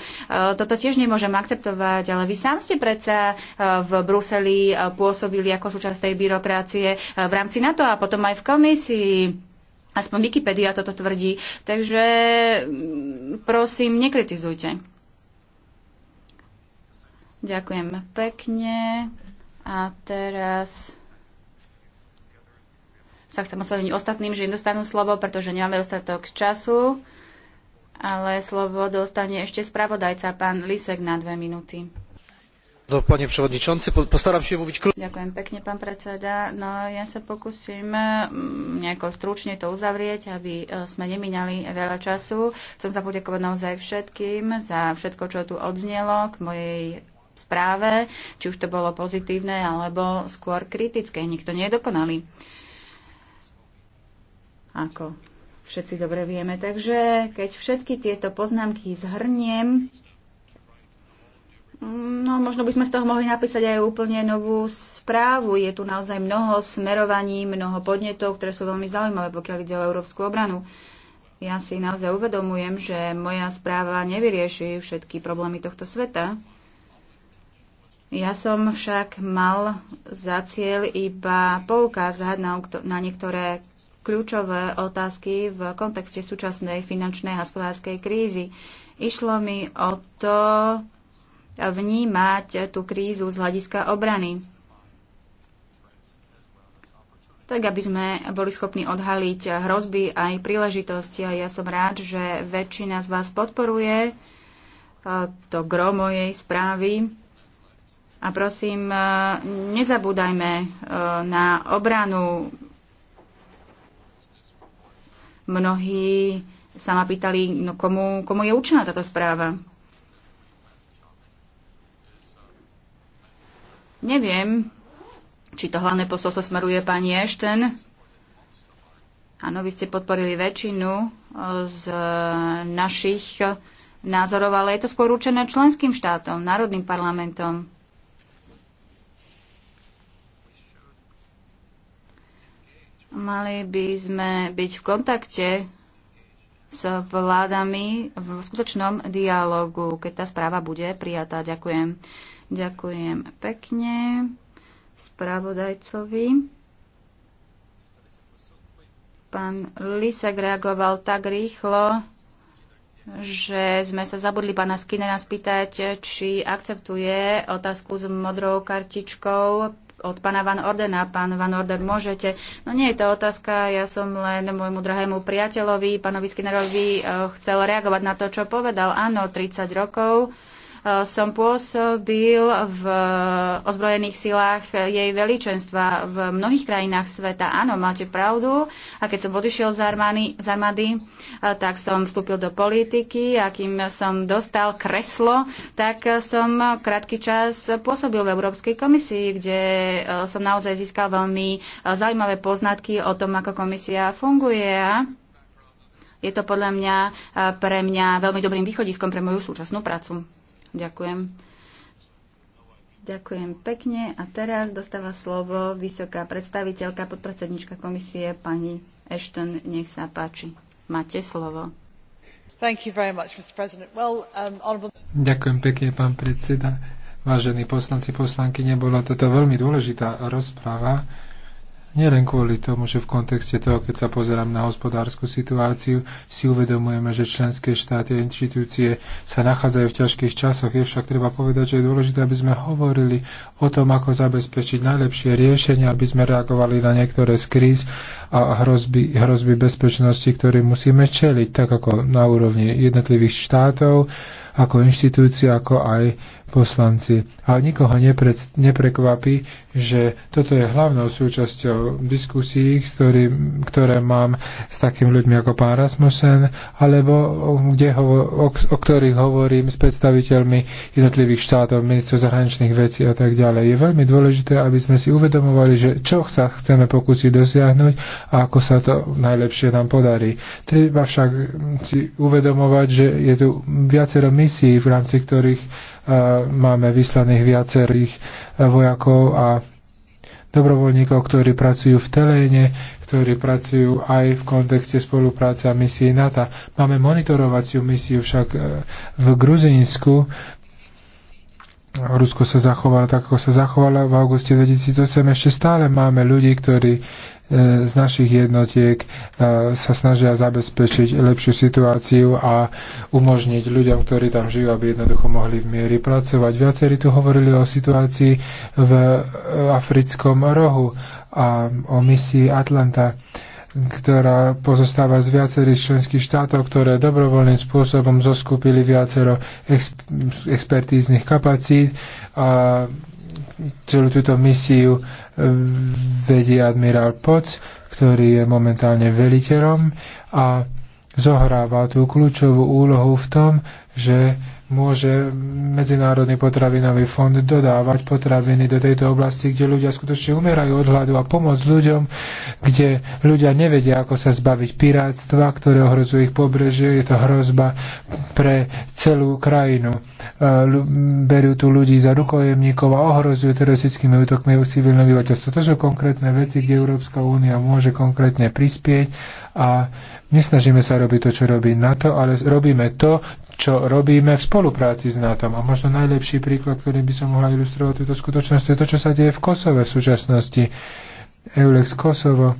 toto tiež nemôžem akceptovať, ale vy sám ste predsa e, v Bruseli e, pôsobili ako súčasť tej byrokracie v rámci NATO a potom aj v komisii. Aspoň Wikipedia toto tvrdí. Takže mm, prosím, nekritizujte. Ďakujem pekne. A teraz sa chcem ospravedlniť ostatným, že im dostanú slovo, pretože nemáme dostatok času, ale slovo dostane ešte spravodajca, pán Lisek, na dve minúty. postaram Ďakujem pekne, pán predseda. No, ja sa pokúsim mm, nejako stručne to uzavrieť, aby e, sme nemínali veľa času. Chcem sa poďakovať naozaj všetkým za všetko, čo tu odznelo k mojej správe, či už to bolo pozitívne alebo skôr kritické. Nikto nie je dokonalý ako všetci dobre vieme. Takže keď všetky tieto poznámky zhrniem, No, možno by sme z toho mohli napísať aj úplne novú správu. Je tu naozaj mnoho smerovaní, mnoho podnetov, ktoré sú veľmi zaujímavé, pokiaľ ide o európsku obranu. Ja si naozaj uvedomujem, že moja správa nevyrieši všetky problémy tohto sveta. Ja som však mal za cieľ iba poukázať na, na niektoré kľúčové otázky v kontexte súčasnej finančnej a hospodárskej krízy. Išlo mi o to vnímať tú krízu z hľadiska obrany tak aby sme boli schopní odhaliť hrozby aj príležitosti. A ja som rád, že väčšina z vás podporuje to gro mojej správy. A prosím, e, nezabúdajme e, na obranu Mnohí sa ma pýtali, no komu, komu je určená táto správa. Neviem, či to hlavné posolstvo smeruje pani Ešten. Áno, vy ste podporili väčšinu e, z e, našich názorov, ale je to skôr určené členským štátom, národným parlamentom. Mali by sme byť v kontakte s vládami v skutočnom dialogu, keď tá správa bude prijatá. Ďakujem. Ďakujem pekne spravodajcovi. Pán Lisek reagoval tak rýchlo, že sme sa zabudli pána Skinnera spýtať, či akceptuje otázku s modrou kartičkou od pána Van Ordena. Pán Van Orden, môžete. No nie je to otázka, ja som len môjmu drahému priateľovi, pánovi Skinnerovi, eh, chcel reagovať na to, čo povedal. Áno, 30 rokov som pôsobil v ozbrojených silách jej veličenstva v mnohých krajinách sveta. Áno, máte pravdu. A keď som odišiel z, armány, z armády, tak som vstúpil do politiky a kým som dostal kreslo, tak som krátky čas pôsobil v Európskej komisii, kde e, som naozaj získal veľmi e, zaujímavé poznatky o tom, ako komisia funguje. je to podľa mňa e, pre mňa veľmi dobrým východiskom pre moju súčasnú prácu. Ďakujem. Ďakujem pekne. A teraz dostáva slovo vysoká predstaviteľka, podpredsednička komisie, pani Ashton. Nech sa páči. Máte slovo. Um, Ďakujem pekne, pán predseda. Vážení poslanci, poslanky, nebola toto veľmi dôležitá rozpráva Nielen kvôli tomu, že v kontexte toho, keď sa pozerám na hospodárskú situáciu, si uvedomujeme, že členské štáty a inštitúcie sa nachádzajú v ťažkých časoch. Je však treba povedať, že je dôležité, aby sme hovorili o tom, ako zabezpečiť najlepšie riešenia, aby sme reagovali na niektoré z kríz a hrozby, hrozby bezpečnosti, ktoré musíme čeliť, tak ako na úrovni jednotlivých štátov, ako inštitúcie, ako aj poslanci. A nikoho nepre, neprekvapí, že toto je hlavnou súčasťou diskusí, ktorý, ktoré mám s takými ľuďmi ako pán Rasmussen, alebo kde ho, o, o ktorých hovorím s predstaviteľmi jednotlivých štátov, ministrov zahraničných vecí a tak ďalej. Je veľmi dôležité, aby sme si uvedomovali, že čo sa chceme pokúsiť dosiahnuť a ako sa to najlepšie nám podarí. Treba však si uvedomovať, že je tu viacero misií, v rámci ktorých máme vyslaných viacerých e, vojakov a dobrovoľníkov, ktorí pracujú v teléne, ktorí pracujú aj v kontexte spolupráce a misií NATO. Máme monitorovaciu misiu však e, v Gruzínsku. Rusko sa zachovalo tak, ako sa zachovalo v auguste 2008. Ešte stále máme ľudí, ktorí E, z našich jednotiek e, sa snažia zabezpečiť lepšiu situáciu a umožniť ľuďom, ktorí tam žijú, aby jednoducho mohli v miery pracovať. Viacerí tu hovorili o situácii v e, africkom rohu a o misii Atlanta ktorá pozostáva z viacerých členských štátov, ktoré dobrovoľným spôsobom zoskupili viacero ex- expertíznych kapacít a celú túto misiu e, vedie admirál Poc, ktorý je momentálne veliteľom a zohráva tú kľúčovú úlohu v tom, že môže Medzinárodný potravinový fond dodávať potraviny do tejto oblasti, kde ľudia skutočne umierajú od hladu a pomôcť ľuďom, kde ľudia nevedia, ako sa zbaviť pirátstva, ktoré ohrozuje ich pobrežie. Je to hrozba pre celú krajinu. Berú tu ľudí za rukojemníkov a ohrozujú teroristickými útokmi civilné obyvateľstvo. To sú konkrétne veci, kde Európska únia môže konkrétne prispieť a nesnažíme sa robiť to, čo robí NATO, ale robíme to, čo robíme v spolupráci s NATO. A možno najlepší príklad, ktorý by som mohla ilustrovať túto skutočnosť, je to, čo sa deje v Kosove v súčasnosti. Eulex Kosovo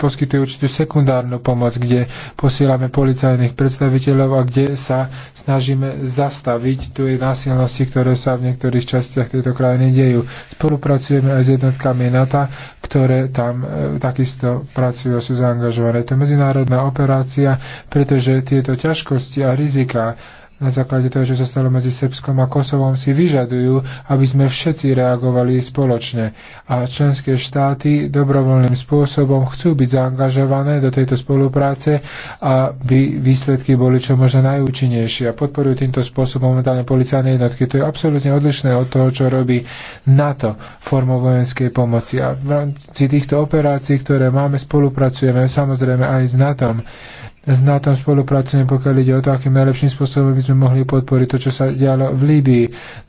poskytuje určitú sekundárnu pomoc, kde posielame policajných predstaviteľov a kde sa snažíme zastaviť tu je násilnosti, ktoré sa v niektorých častiach tejto krajiny dejú. Spolupracujeme aj s jednotkami NATO, ktoré tam e, takisto pracujú a sú zaangažované. To je medzinárodná operácia, pretože tieto ťažkosti a rizika na základe toho, čo sa stalo medzi Srbskom a Kosovom, si vyžadujú, aby sme všetci reagovali spoločne. A členské štáty dobrovoľným spôsobom chcú byť zaangažované do tejto spolupráce, aby výsledky boli čo možno najúčinnejšie. A podporujú týmto spôsobom momentálne policajné jednotky. To je absolútne odlišné od toho, čo robí NATO formou vojenskej pomoci. A v rámci týchto operácií, ktoré máme, spolupracujeme samozrejme aj s NATO s NATO spolupracujeme, pokiaľ ide o to, akým najlepším spôsobom by sme mohli podporiť to, čo sa dialo v Líbii.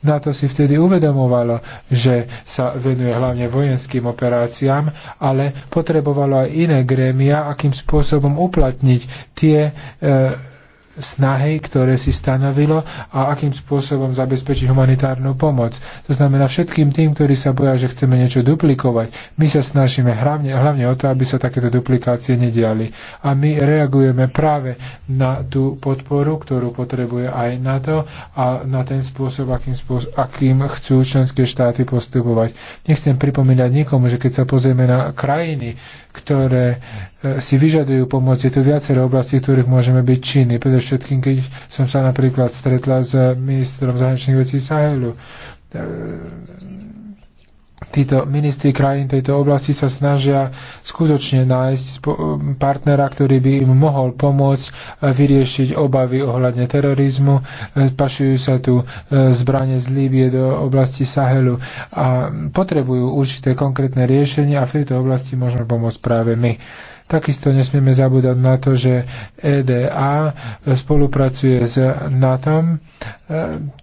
NATO si vtedy uvedomovalo, že sa venuje hlavne vojenským operáciám, ale potrebovalo aj iné grémia, akým spôsobom uplatniť tie e, snahy, ktoré si stanovilo a akým spôsobom zabezpečiť humanitárnu pomoc. To znamená všetkým tým, ktorí sa boja, že chceme niečo duplikovať. My sa snažíme hlavne, hlavne o to, aby sa takéto duplikácie nediali. A my reagujeme práve na tú podporu, ktorú potrebuje aj na to a na ten spôsob, akým, spôsob, akým chcú členské štáty postupovať. Nechcem pripomínať nikomu, že keď sa pozrieme na krajiny, ktoré e, si vyžadujú pomoc, je tu viacero oblastí, v ktorých môžeme byť činní predovšetkým, keď som sa napríklad stretla s ministrom zahraničných vecí Sahelu. Títo ministri krajín tejto oblasti sa snažia skutočne nájsť partnera, ktorý by im mohol pomôcť vyriešiť obavy ohľadne terorizmu. Pašujú sa tu e, zbranie z Líbie do oblasti Sahelu a potrebujú určité konkrétne riešenie a v tejto oblasti môžeme pomôcť práve my. Takisto nesmieme zabúdať na to, že EDA spolupracuje s NATO e,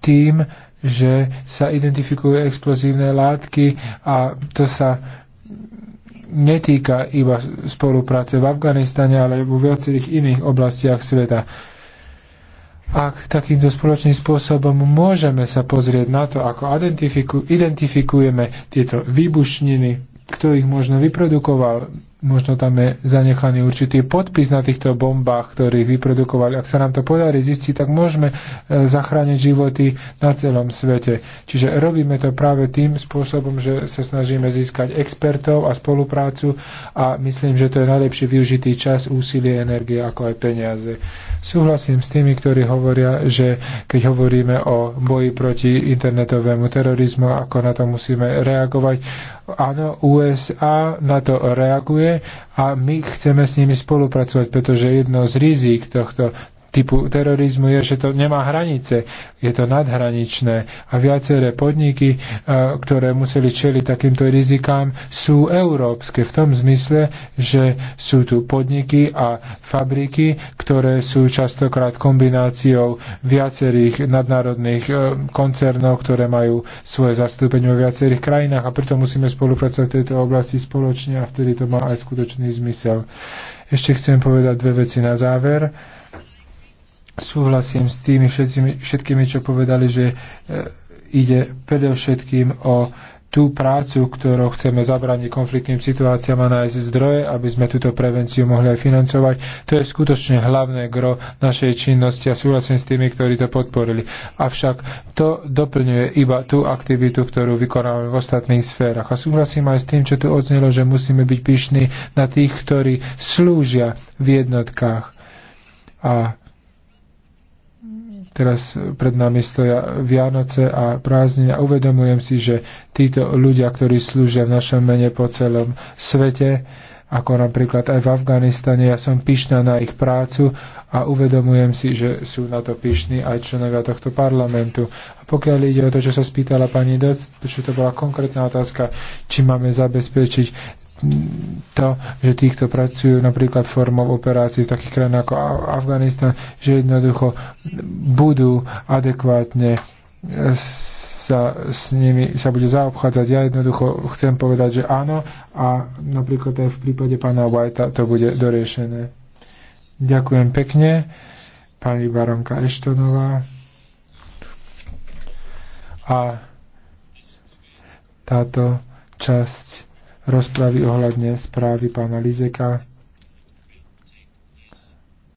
tým, že sa identifikujú explozívne látky a to sa netýka iba spolupráce v Afganistane, ale vo viacerých iných oblastiach sveta. Ak takýmto spoločným spôsobom môžeme sa pozrieť na to, ako identifikujeme tieto výbušniny, kto ich možno vyprodukoval, možno tam je zanechaný určitý podpis na týchto bombách, ktorých vyprodukovali. Ak sa nám to podarí zistiť, tak môžeme e, zachrániť životy na celom svete. Čiže robíme to práve tým spôsobom, že sa snažíme získať expertov a spoluprácu a myslím, že to je najlepšie využitý čas, úsilie, energie, ako aj peniaze. Súhlasím s tými, ktorí hovoria, že keď hovoríme o boji proti internetovému terorizmu, ako na to musíme reagovať, Áno, USA na to reaguje a my chceme s nimi spolupracovať, pretože jedno z rizik tohto typu terorizmu je, že to nemá hranice, je to nadhraničné a viaceré podniky, e, ktoré museli čeliť takýmto rizikám, sú európske v tom zmysle, že sú tu podniky a fabriky, ktoré sú častokrát kombináciou viacerých nadnárodných e, koncernov, ktoré majú svoje zastúpenie vo viacerých krajinách a preto musíme spolupracovať v tejto oblasti spoločne a vtedy to má aj skutočný zmysel. Ešte chcem povedať dve veci na záver súhlasím s tými všetkými, všetkými čo povedali, že e, ide predovšetkým o tú prácu, ktorou chceme zabrániť konfliktným situáciám a nájsť zdroje, aby sme túto prevenciu mohli aj financovať. To je skutočne hlavné gro našej činnosti a súhlasím s tými, ktorí to podporili. Avšak to doplňuje iba tú aktivitu, ktorú vykonávame v ostatných sférach. A súhlasím aj s tým, čo tu odznelo, že musíme byť pyšní na tých, ktorí slúžia v jednotkách. A Teraz pred nami stoja Vianoce a prázdniny a uvedomujem si, že títo ľudia, ktorí slúžia v našom mene po celom svete, ako napríklad aj v Afganistane, ja som pyšná na ich prácu a uvedomujem si, že sú na to pyšní aj členovia tohto parlamentu. A pokiaľ ide o to, čo sa spýtala pani Doc, čo to bola konkrétna otázka, či máme zabezpečiť to, že týchto pracujú napríklad formou operácií v takých krajinách ako Afganistan, že jednoducho budú adekvátne sa s nimi sa bude zaobchádzať. Ja jednoducho chcem povedať, že áno a napríklad aj v prípade pána Whitea to bude doriešené. Ďakujem pekne, pani baronka Eštonová. A táto časť rozpravy ohľadne správy pána Lizeka